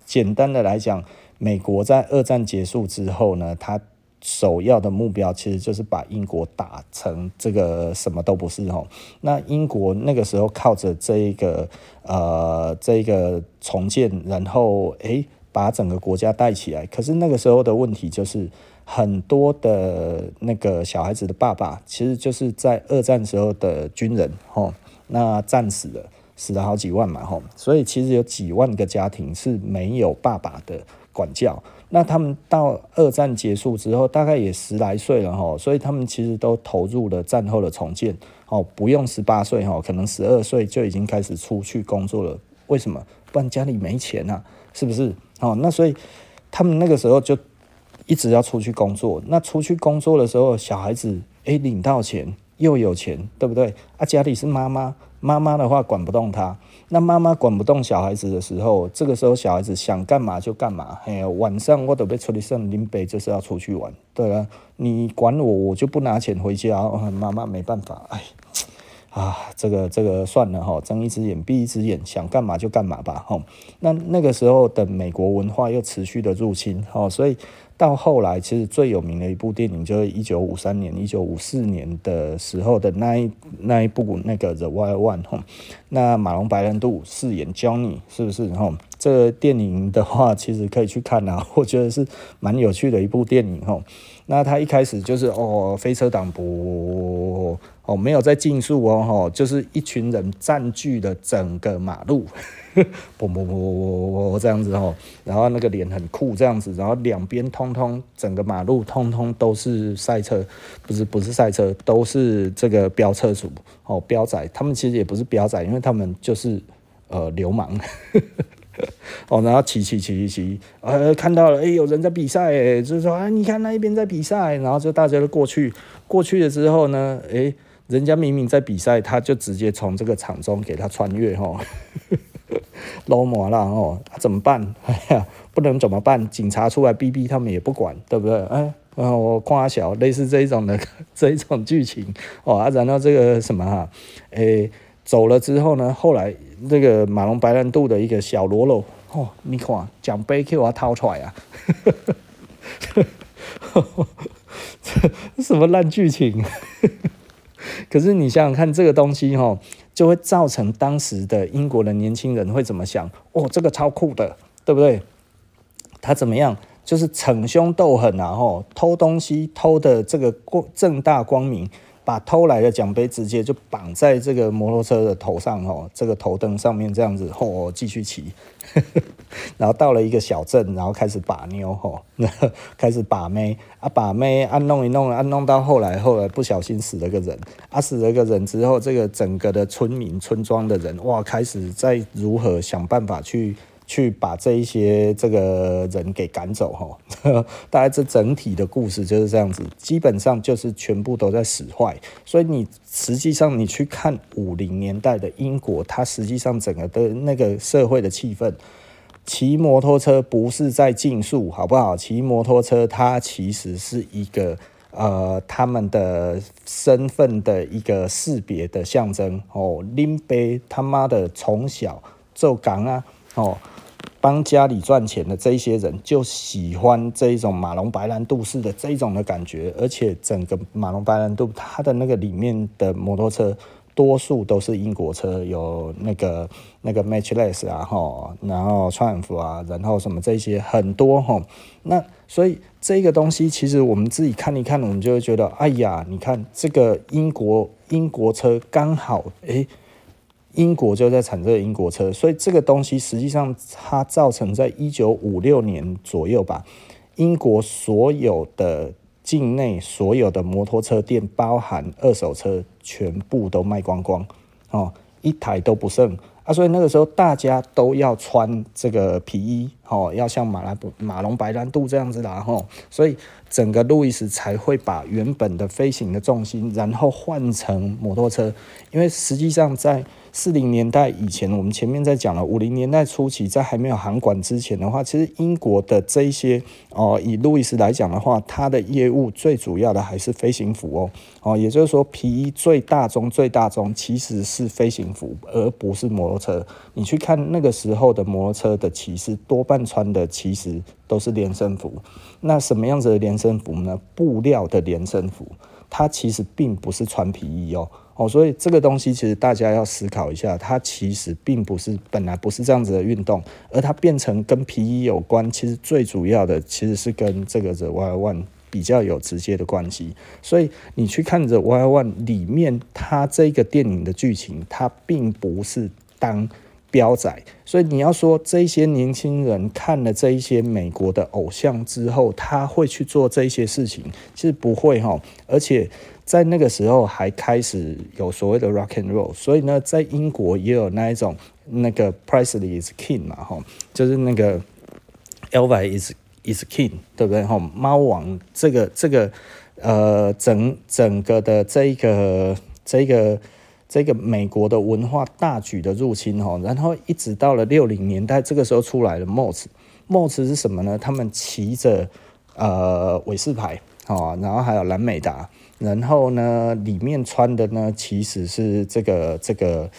簡單的來講，美國在二戰結束之後呢，他首要的目標其實就是把英國打成這個什麼都不是吼。那英國那個時候靠着這個呃這個重建，然後，欸，把整個國家帶起來，可是那個時候的問題就是。很多的那個小孩子的爸爸，其實就是在二戰時候的軍人，吼，那戰死了，死了好幾萬嘛，吼，所以其實有幾萬個家庭是沒有爸爸的管教。那他們到二戰結束之後，大概也十來歲了，吼，所以他們其實都投入了戰後的重建，哦，不用十八歲，哈，可能十二歲就已經開始出去工作了。為什麼？不然家裡沒錢吶，啊，是不是？哦，那所以他們那個時候就。一直要出去工作，那出去工作的時候，小孩子哎、欸、領到錢又有錢，對不對啊？家裡是媽媽，媽媽的話管不動他。那媽媽管不動小孩子的時候，這個時候小孩子想幹嘛就幹嘛。哎，晚上我都被出去上林北，就是要出去玩。對啊，你管我，我就不拿錢回家。媽媽沒辦法，哎，啊，這個這個算了哈，睜一隻眼閉一隻眼，想幹嘛就幹嘛吧哈。那那個時候的美國文化又持續的入侵哈，所以。到後來，其實最有名的一部電影就是一九五三年、一九五四年的時候的那一那一部那個 The Wild One，吼，那馬龍白蘭度飾演 Johnny，是不是？然後這個、電影的話，其實可以去看吶、啊，我覺得是蠻有趣的一部電影，吼。那他一開始就是哦，飛車黨不哦，沒有在競速哦，哦，就是一群人佔據了整個馬路。砰砰砰這樣子哦、喔，然後那個臉很酷這樣子，然後兩邊通通整個馬路通通都是賽車，不是不是賽車，都是這個飆車族哦，飆、喔、仔，他們其實也不是飆仔，因為他們就是呃流氓哦、喔，然後騎騎騎騎騎，呃看到了哎、欸、有人在比賽就、欸、就說啊，你看那一邊在比賽，然後就大家都過去，過去了之後呢，哎、欸、人家明明在比賽，他就直接從這個場中給他穿越哦。喔呵呵 low 模了哦，喔啊、怎麼辦？哎呀，不能怎麼辦？警察出來逼逼，他們也不管，對不對？嗯、欸啊、我誇小類似這一種的這一種劇情哦、喔。啊，然後這個什麼哈、啊，誒、欸，走了之後呢，後來這個馬龍白蘭度的一個小嘍囉哦，你看獎杯給我掏出來啊！哈 什麼爛劇情？ 可是你想想看，這個東西哈、喔。就會造成當時的英國的年輕人會怎麼想？哦，這個超酷的，對不對？他怎麼樣？就是逞凶鬥狠啊！然後偷東西偷的這個過正大光明。把偷來的獎杯直接就綁在這個摩托車的頭上哦，這個頭燈上面這樣子哦，繼續騎。 然後到了一個小鎮，然後開始把妞哦，開始把妹啊拔妹，把妹啊弄一弄啊，弄到後來後來不小心死了個人，啊死了個人之後，這個整個的村民村莊的人哇，開始在如何想辦法去。去把這一些這個人給趕走呵，大概這整體的故事就是這樣子，基本上就是全部都在使壞，所以你實際上你去看五零年代的英國，它實際上整個的那個社會的氣氛，騎摩托車不是在競速，好不好？騎摩托車它其實是一個呃他們的身份的一個識別的象徵哦，拎杯他媽的從小做工啊哦。幫家裡賺錢的這一些人就喜歡這一種馬龍白蘭度式的這一種的感覺，而且整個馬龍白蘭度他的那個裡面的摩托車多數都是英國車，有那個那個 Matchless 啊哈，然後 Triumph 啊，然後什麼這些很多哈，那所以這個東西其實我們自己看一看，我們就會覺得，哎呀，你看這個英國英國車剛好哎。欸英國就在產這個英國車，所以這個東西實際上它造成，在一九五六年左右吧，英國所有的境內所有的摩托車店，包含二手車，全部都賣光光，哦，一台都不剩。啊，所以那個時候大家都要穿這個皮衣。哦，要像馬來馬龍白蘭度這樣子的吼、啊，所以整個路易斯才會把原本的飛行的重心，然後換成摩托車。因為實際上在四零年代以前，我們前面在講了，五零年代初期，在還沒有航管之前的話，其實英國的這一些哦，以路易斯來講的話，他的業務最主要的還是飛行服哦，哦，也就是說皮衣最大宗最大宗其實是飛行服，而不是摩托車。你去看那個時候的摩托車的騎士，多半。穿的其實都是連身服，那什麼樣子的連身服呢？布料的連身服，它其實並不是穿皮衣哦。哦，所以這個東西其實大家要思考一下，它其實並不是本來不是這樣子的運動，而它變成跟皮衣有關，其實最主要的其實是跟這個 The Wild One 比較有直接的關係。所以你去看 The Wild One 裡面它這個電影的劇情，它並不是當。彪仔，所以你要說這些年輕人看了這一些美國的偶像之後，他會去做這些事情，其實不會哈，而且在那個時候還開始有所謂的 rock and roll，所以呢，在英國也有那一種那個 Presley is king 嘛，就是那個 Elvis is is king 對不對吼，貓王這個這個呃整整個的這個這個。這這個美國的文化大舉的入侵哈，然後一直到了六零年代，這個時候出來的 Mods，Mods 是什麼呢？他們騎着呃偉士牌哦，然後還有蘭美達，然後呢裡面穿的呢其實是這個這個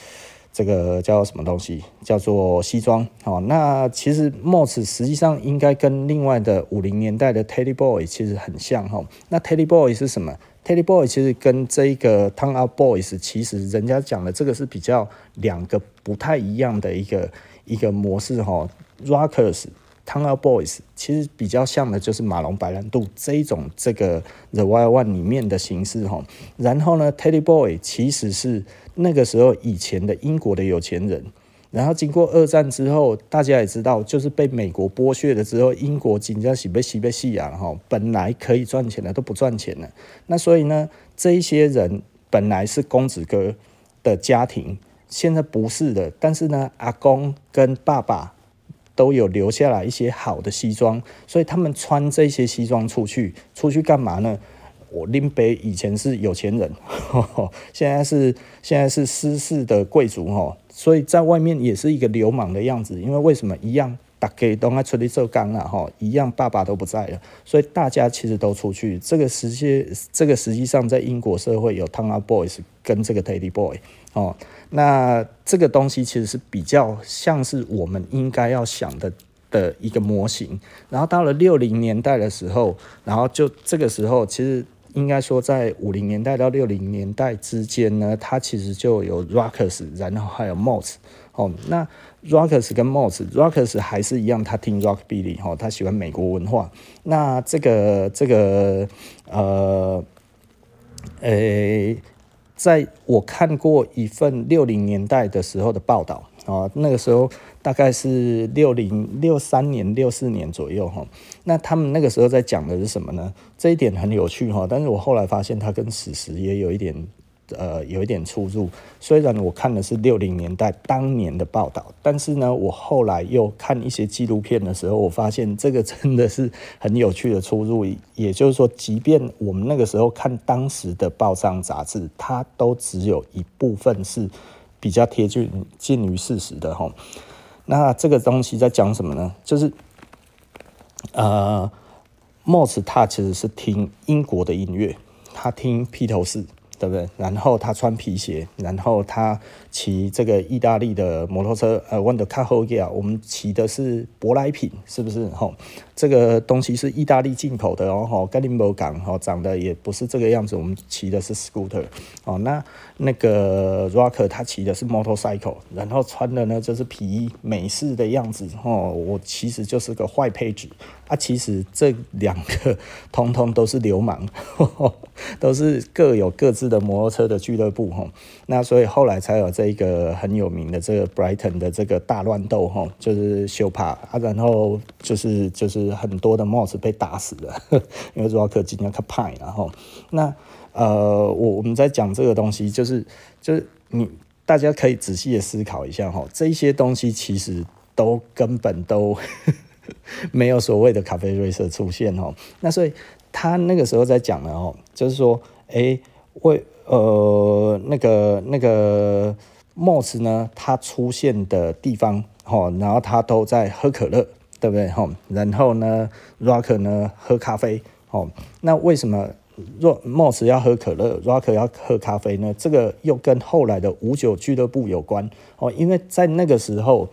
這個叫什麼東西？叫做西裝哦。那其實 Mods 實際上應該跟另外的五零年代的 Teddy Boy 其實很像哈。那 Teddy Boy 是什麼？Teddy Boy 其實跟這個 Ton Up Boys 其實人家講的這個是比較兩個不太一樣的一個一個模式哈、喔、，Rockers Ton Up Boys 其實比較像的就是馬龍白蘭度這一種這個 The Wild One 裡面的形式哈、喔，然後呢 Teddy Boy 其實是那個時候以前的英國的有錢人。然後經過二戰之後，大家也知道，就是被美國剝削了之後，英國經濟被被吸啞了哈，本來可以賺錢的都不賺錢了。那所以呢，這一些人本來是公子哥的家庭，現在不是的。但是呢，阿公跟爸爸都有留下來一些好的西裝，所以他們穿這些西裝出去，出去幹嘛呢？我林北以前是有錢人，呵呵現在是現在是失勢的貴族哈、哦。所以在外面也是一個流氓的樣子，因為為什麼一樣大家都要出力做工了哈，一樣爸爸都不在了，所以大家其實都出去。這個實際，這個實際上在英國社會有 Ton Up Boys 跟這個 Teddy Boy 哦，那這個東西其實是比較像是我們應該要想的的一個模型。然後到了六零年代的時候，然後就這個時候其實。應該說，在五零年代到六零年代之間呢，他其實就有 rockers，然後還有 mods。哦，那 rockers 跟 mods，rockers 還是一樣，他聽 rockabilly，哦，他喜歡美國文化。那這個這個呃，誒、欸，在我看過一份六零年代的時候的報道啊，那個時候大概是六零六三年、六四年左右哈。那他們那個時候在講的是什麼呢？這一點很有趣哈。但是我後來發現，它跟史實也有一點呃，有一點出入。雖然我看的是六零年代當年的報道，但是呢，我後來又看一些紀錄片的時候，我發現這個真的是很有趣的出入。也就是說，即便我們那個時候看當時的報章雜誌，它都只有一部分是。比較貼近近於事實的哈，那這個東西在講什麼呢？就是，呃，莫斯他其實是聽英國的音樂，他聽披頭士，os, 對不對？然後他穿皮鞋，然後他騎這個意大利的摩托車，呃，問的卡後亞，我們騎的是舶來品，是不是？哈。這個東西是意大利進口的，哦，後 Galimbo 港哦，長得也不是這個樣子。我們騎的是 scooter 哦，那那個 Rocker 他騎的是 motorcycle，然後穿的呢就是皮衣，美式的樣子哦。我其實就是個壞配置啊，其實這兩個通通都是流氓呵呵，都是各有各自的摩托車的俱樂部哈、哦。那所以後來才有這一個很有名的這個 Brighton 的這個大亂鬥哈、哦，就是 Supa 啊，然後就是就是。很多的 Mod 被打死了，呵因為主要喝金啊、可怕，然後那呃，我我們在講這個東西，就是，就是就是你大家可以仔細的思考一下哈，這些東西其實都根本都呵呵沒有所謂的咖啡瑞舍出現哦。那所以他那個時候在講呢哦，就是說，誒、欸，為呃那個那個 Mod 呢，它出現的地方哦，然後他都在喝可樂。對不對？吼，然後呢，Rocker 呢喝咖啡，哦，那為什麼若 Moss 要喝可樂，Rocker 要喝咖啡呢？這個又跟後來的五九俱樂部有關，哦，因為在那個時候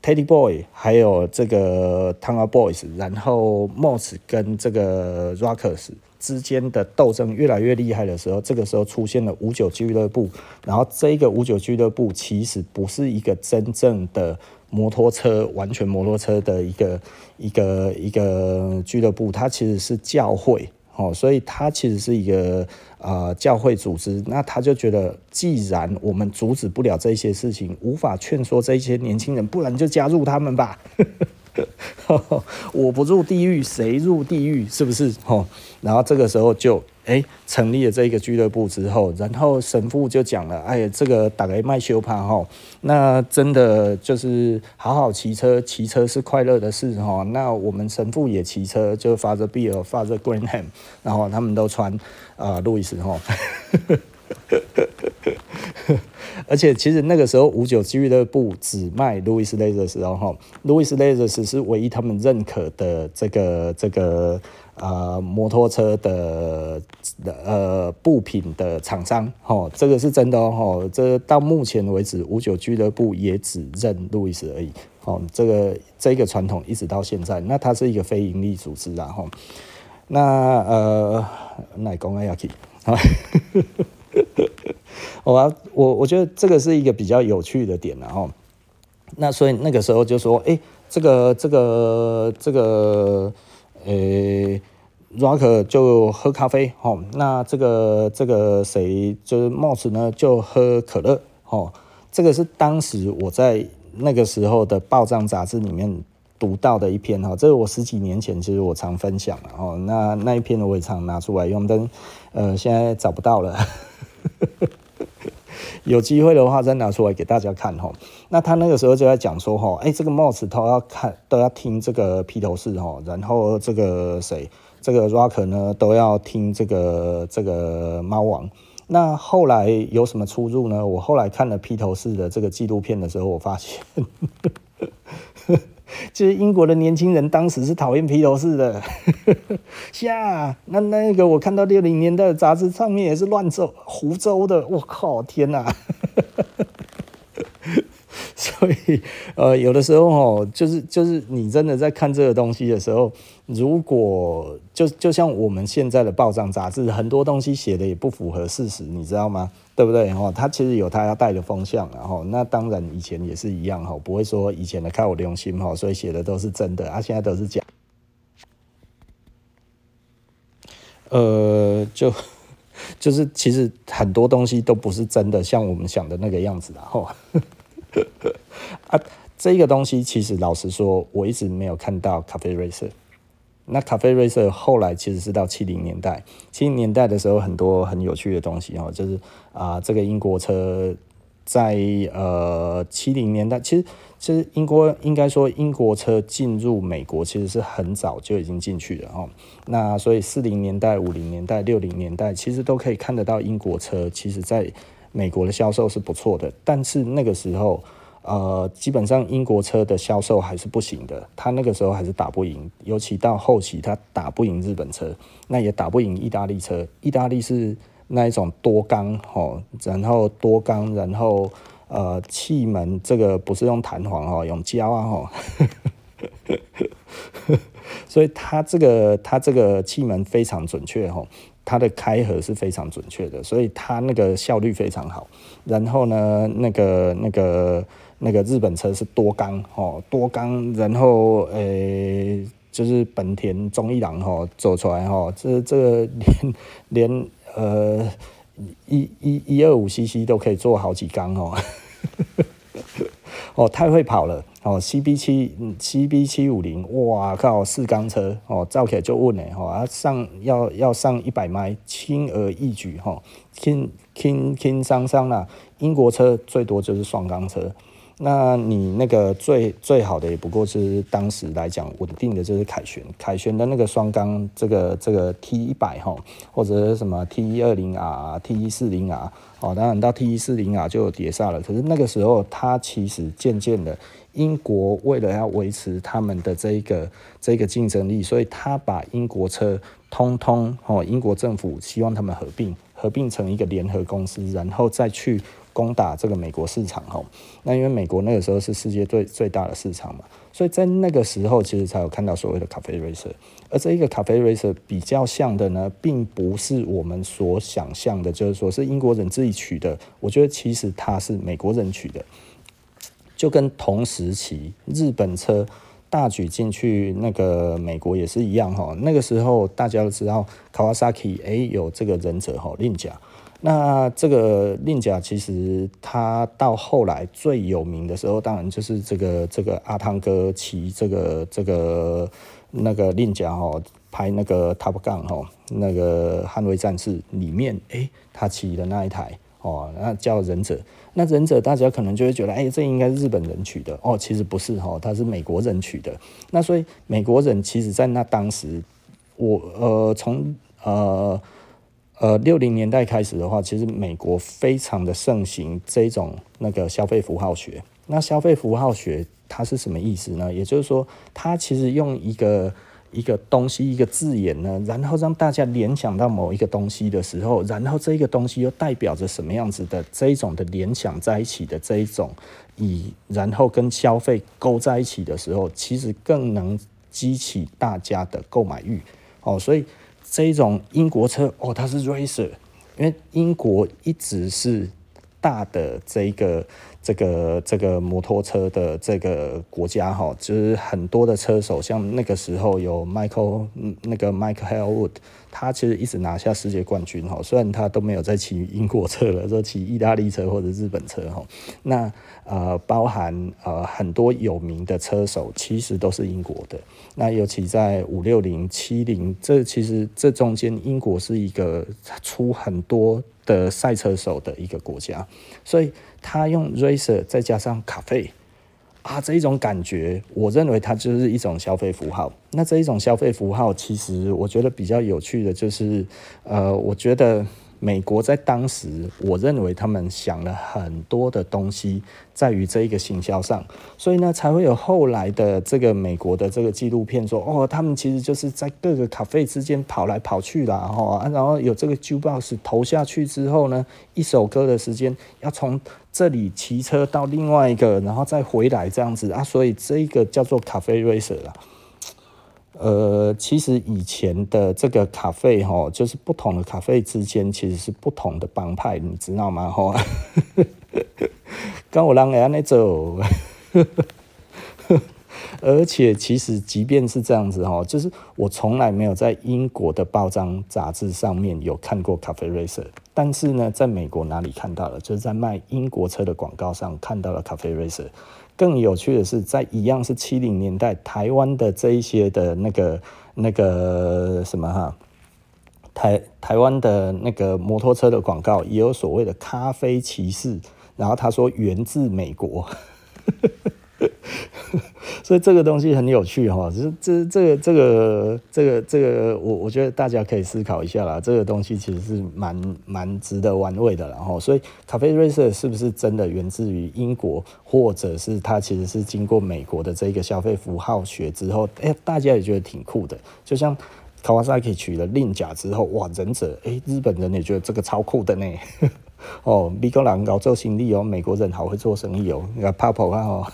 ，Teddy Boy 還有這個 Ton Up Boys，然後 Moss 跟這個 Rockers 之間的鬥爭越來越厲害的時候，這個時候出現了五九俱樂部，然後這一個五九俱樂部其實不是一個真正的。摩托車，完全摩托車的一個一個一個俱樂部，它其實是教會哦，所以它其實是一個啊、呃、教會組織。那他就覺得，既然我們阻止不了這些事情，無法勸說這些年輕人，不然就加入他們吧。 我不入地獄，誰入地獄？是不是哦？然後這個時候就。誒，成立了這一個俱樂部之後，然後神父就講了，哎呀，這個打雷賣修帕哈，那真的就是好好騎車，騎車是快樂的事哈、哦。那我們神父也騎車，就 Father Bill，Father Graham，然後他們都穿啊路易斯哈，而且其實那個時候五九俱樂部只賣路易斯 Leathers 哦，哈，路易斯 Leathers 是唯一他們認可的這個這個。呃，摩托車的呃部品的廠商，吼、哦，這個是真的哦，哦這個、到目前為止，五九俱樂部也只認路易斯而已，哦，這個這個傳統一直到現在，那它是一個非營利組織啊，吼、哦，那呃，那公哎呀，去，好， 好啊、我我我覺得這個是一個比較有趣的點、啊，然、哦、後，那所以那個時候就說，哎，這個這個這個。這個呃、欸、，Rock、er、就喝咖啡哦，那這個這個誰就是 Moss 呢？就喝可樂哦。這個是當時我在那個時候的《爆章雜誌》裡面讀到的一篇哈、哦，這是我十幾年前其實我常分享哦，那那一篇我也常拿出來用，但呃，現在找不到了。 有機會的話，再拿出來給大家看吼，那他那個時候就在講說吼，哎、欸，這個 Mod 都要看，都要聽這個披頭士吼，然後這個誰，這個 Rocker 呢，都要聽這個這個貓王。那後來有什麼出入呢？我後來看了披頭士的這個紀錄片的時候，我發現。 就是英國的年輕人當時是討厭披頭士的，下、 啊、那那個我看到六零年代的雜誌上面也是亂謅胡謅的，我靠，天哪、啊！ 所以，呃，有的時候哦，就是就是你真的在看這個東西的時候，如果就就像我們現在的報章雜誌，很多東西寫的也不符合事實，你知道嗎？對不對？哦，他其實有他要帶的風向，然後那當然以前也是一樣吼，不會說以前的看我良心吼，所以寫的都是真的，啊現在都是假。呃，就就是其實很多東西都不是真的，像我們想的那個樣子的吼。 啊，這個東西其實老實說，我一直沒有看到 Cafe Racer。那 Cafe Racer 後來其實是到七零年代，七零年代的時候很多很有趣的東西哦，就是啊、呃，這個英國車在呃七零年代，其實其實英國應該說英國車進入美國其實是很早就已經進去了哦。那所以四零年代、五零年代、六零年代，其實都可以看得到英國車，其實在。美國的銷售是不錯的，但是那個時候，呃，基本上英國車的銷售還是不行的。他那個時候還是打不贏，尤其到後期，他打不贏日本車，那也打不贏意大利車。意大利是那一種多缸吼，然後多缸，然後呃，氣門這個不是用彈簧哦，用膠啊哈，所以他這個他這個氣門非常準確哈。它的開合是非常準確的，所以它那個效率非常好。然後呢，那個那個那個日本車是多缸，哦，多缸。然後誒、呃，就是本田宗一郎，吼走出來，哦，這這個連連呃一一一二五 cc 都可以做好幾缸哦， 哦太會跑了。哦，CB 七嗯，CB 七五零，哇靠，四缸車哦，跑起來就穩了吼，啊上要要上一百邁，輕而易舉哈，輕輕輕鬆鬆啦。英國車最多就是雙缸車，那你那個最最好的也不過是當時來講穩定的，就是凱旋，凱旋的那個雙缸這個這個 T 一百哈，或者什麼 T 一二零 R、T 一四零 R。哦，當然到 T 一四零啊就有碟剎了。可是那個時候，他其實漸漸的，英國為了要維持他們的這個這個競爭力，所以他把英國車通通，哦，英國政府希望他們合併，合併成一個聯合公司，然後再去攻打這個美國市場，哦。那因為美國那個時候是世界最最大的市場嘛，所以在那個時候其實才有看到所謂的 Cafe Racer。而這一個 cafe racer 比較像的呢，並不是我們所想象的，就是說是英國人自己取的。我覺得其實它是美國人取的，就跟同時期日本車大舉進去那個美國也是一樣哈。那個時候大家都知道 Kawasaki，哎，有這個忍者吼，Ninja。那這個令甲其實他到後來最有名的時候，當然就是這個這個阿湯哥騎這個這個那個令甲哦、喔，拍那個 Top Gun 哦、喔，那個捍衛戰士裡面，哎、欸，他騎的那一台哦、喔，那叫忍者。那忍者大家可能就會覺得，哎、欸，這應該是日本人取的哦、喔，其實不是哦、喔，他是美國人取的。那所以美國人其實，在那當時，我呃從呃。從呃呃，六零年代開始的話，其實美國非常的盛行這種那個消費符號學。那消費符號學它是什麼意思呢？也就是說，它其實用一個一個東西、一個字眼呢，然後讓大家聯想到某一個東西的時候，然後這個東西又代表着什麼樣子的這一種的聯想在一起的這一種，以然後跟消費勾在一起的時候，其實更能激起大家的購買慾。哦，所以。這一種英國車哦，它是 Racer，因為英國一直是大的這一個這個這個摩托車的這個國家哈，就是很多的車手，像那個時候有 Michael 那個 Michael Hailwood 他其實一直拿下世界冠軍哈，雖然他都沒有再騎英國車了，說騎意大利車或者日本車哈。那呃，包含呃很多有名的車手，其實都是英國的。那尤其在五六零、七零，這其實這中間，英國是一個出很多的賽車手的一個國家。所以他用 Racer 再加上咖啡。啊，這一種感覺，我認為它就是一種消費符號。那這一種消費符號，其實我覺得比較有趣的，就是，呃，我覺得美國在當時，我認為他們想了很多的東西，在於這一個行銷上，所以呢，才會有後來的這個美國的這個紀錄片說，哦，他們其實就是在各個咖啡之間跑來跑去的，然後、啊，然後有這個 jukebox 投下去之後呢，一首歌的時間要從。這裡騎車到另外一個，然後再回來這樣子啊，所以這一個叫做咖啡 Racer 啦。呃，其實以前的這個咖啡吼，就是不同的咖啡之間其實是不同的幫派，你知道嗎？吼，剛讓人會安尼做。呵呵而且其實即便是這樣子哈，就是我從來沒有在英國的報章雜誌上面有看過咖啡 racer，但是呢，在美國哪裡看到了？就是在賣英國車的廣告上看到了咖啡 racer。更有趣的是，在一樣是七零年代台灣的這一些的那個那個什麼哈，台台灣的那個摩托車的廣告，也有所謂的咖啡騎士，然後他說源自美國。 所以這個東西很有趣哈，其、就是、這、這個、這個、這個、這個，我我覺得大家可以思考一下啦。這個東西其實是蠻蠻值得玩味的，然後，所以咖啡 racer 是不是真的源自於英國，或者是它其實是經過美國的這個消費符號學之後，哎、欸，大家也覺得挺酷的。就像 Kawasaki 取了令甲之後，哇，忍者，哎、欸，日本人也覺得這個超酷的呢。哦，米格蘭搞做生意哦，美國人好會做生意哦，你看 Pablo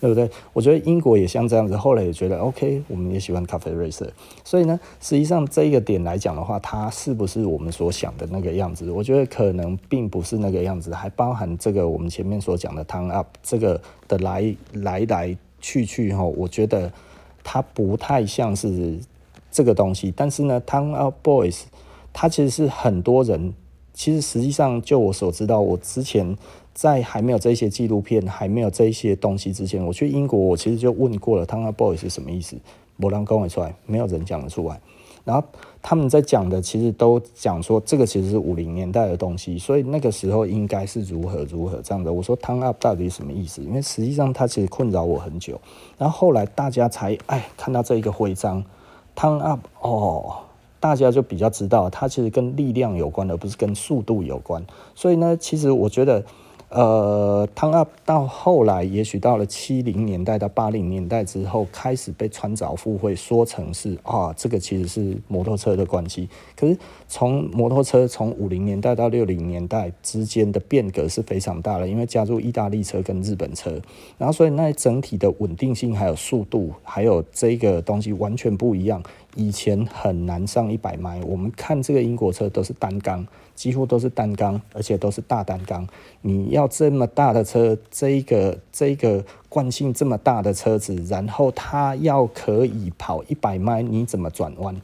對不對？我覺得英國也像這樣子，後來也覺得 OK，我們也喜歡 Cafe Racer。所以呢，實際上這一個點來講的話，它是不是我們所想的那個樣子？我覺得可能並不是那個樣子，還包含這個我們前面所講的 Ton Up 這個的來來來去去哈、哦。我覺得它不太像是這個東西，但是呢，Ton Up Boys 它其實是很多人。其實，實際上，就我所知道，我之前在還沒有這些紀錄片，還沒有這一些東西之前，我去英國，我其實就問過了 Ton Up Boys 是什麼意思，我讓跟我出來，沒有人講得出來。然後他們在講的，其實都講說這個其實是五零年代的東西，所以那個時候應該是如何如何這樣子。我說 Ton Up 到底是什麼意思？因為實際上它其實困擾我很久。然後後來大家才哎看到這一個徽章 Ton Up 哦、oh。大家就比較知道，它其實跟力量有關，而不是跟速度有關。所以呢，其實我覺得，呃 Ton Up 到後來，也許到了七零年代到八零年代之後，開始被穿着富會說成是啊，這個其實是摩托車的關係。可是從摩托車從五零年代到六零年代之間的變革是非常大的，因為加入意大利車跟日本車，然後所以那整體的穩定性還有速度還有這個東西完全不一樣。以前很難上一百邁，我們看這個英國車都是單缸，幾乎都是單缸，而且都是大單缸。你要這麼大的車，這一個這一個慣性這麼大的車子，然後它要可以跑一百邁，你怎麼轉彎？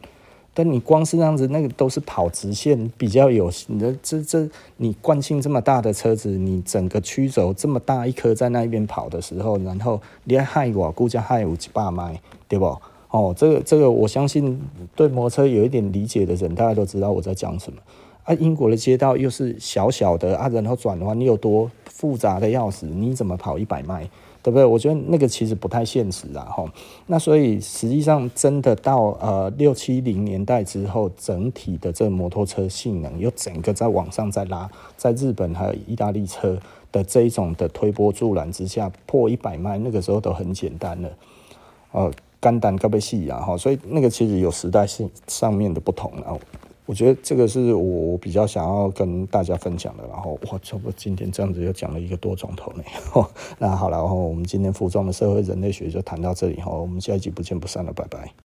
但你光是這樣子，那個都是跑直線比較有。你的這這你慣性這麼大的車子，你整個曲軸這麼大一顆在那邊跑的時候，然後你還害我，估計害我幾百邁，對不？哦，這個這個，我相信對摩托車有一點理解的人，大家都知道我在講什麼啊。英國的街道又是小小的啊，然後轉彎你有多複雜的要死，你怎麼跑一百邁，對不對？我覺得那個其實不太現實啊，哈。那所以實際上，真的到呃六七零年代之後，整體的這個摩托車性能又整個在往上在拉，在日本還有意大利車的這一種的推波助瀾之下，破一百邁那個時候都很簡單了，哦、呃。肝膽各被洗啊，所以那個其實有時代性上面的不同，然後我覺得這個是我比較想要跟大家分享的。然後我差不多今天這樣子又講了一個多鐘頭呢，那好了，然後我們今天服裝的社會人類學就談到這裡，我們下一集不見不散了，拜拜。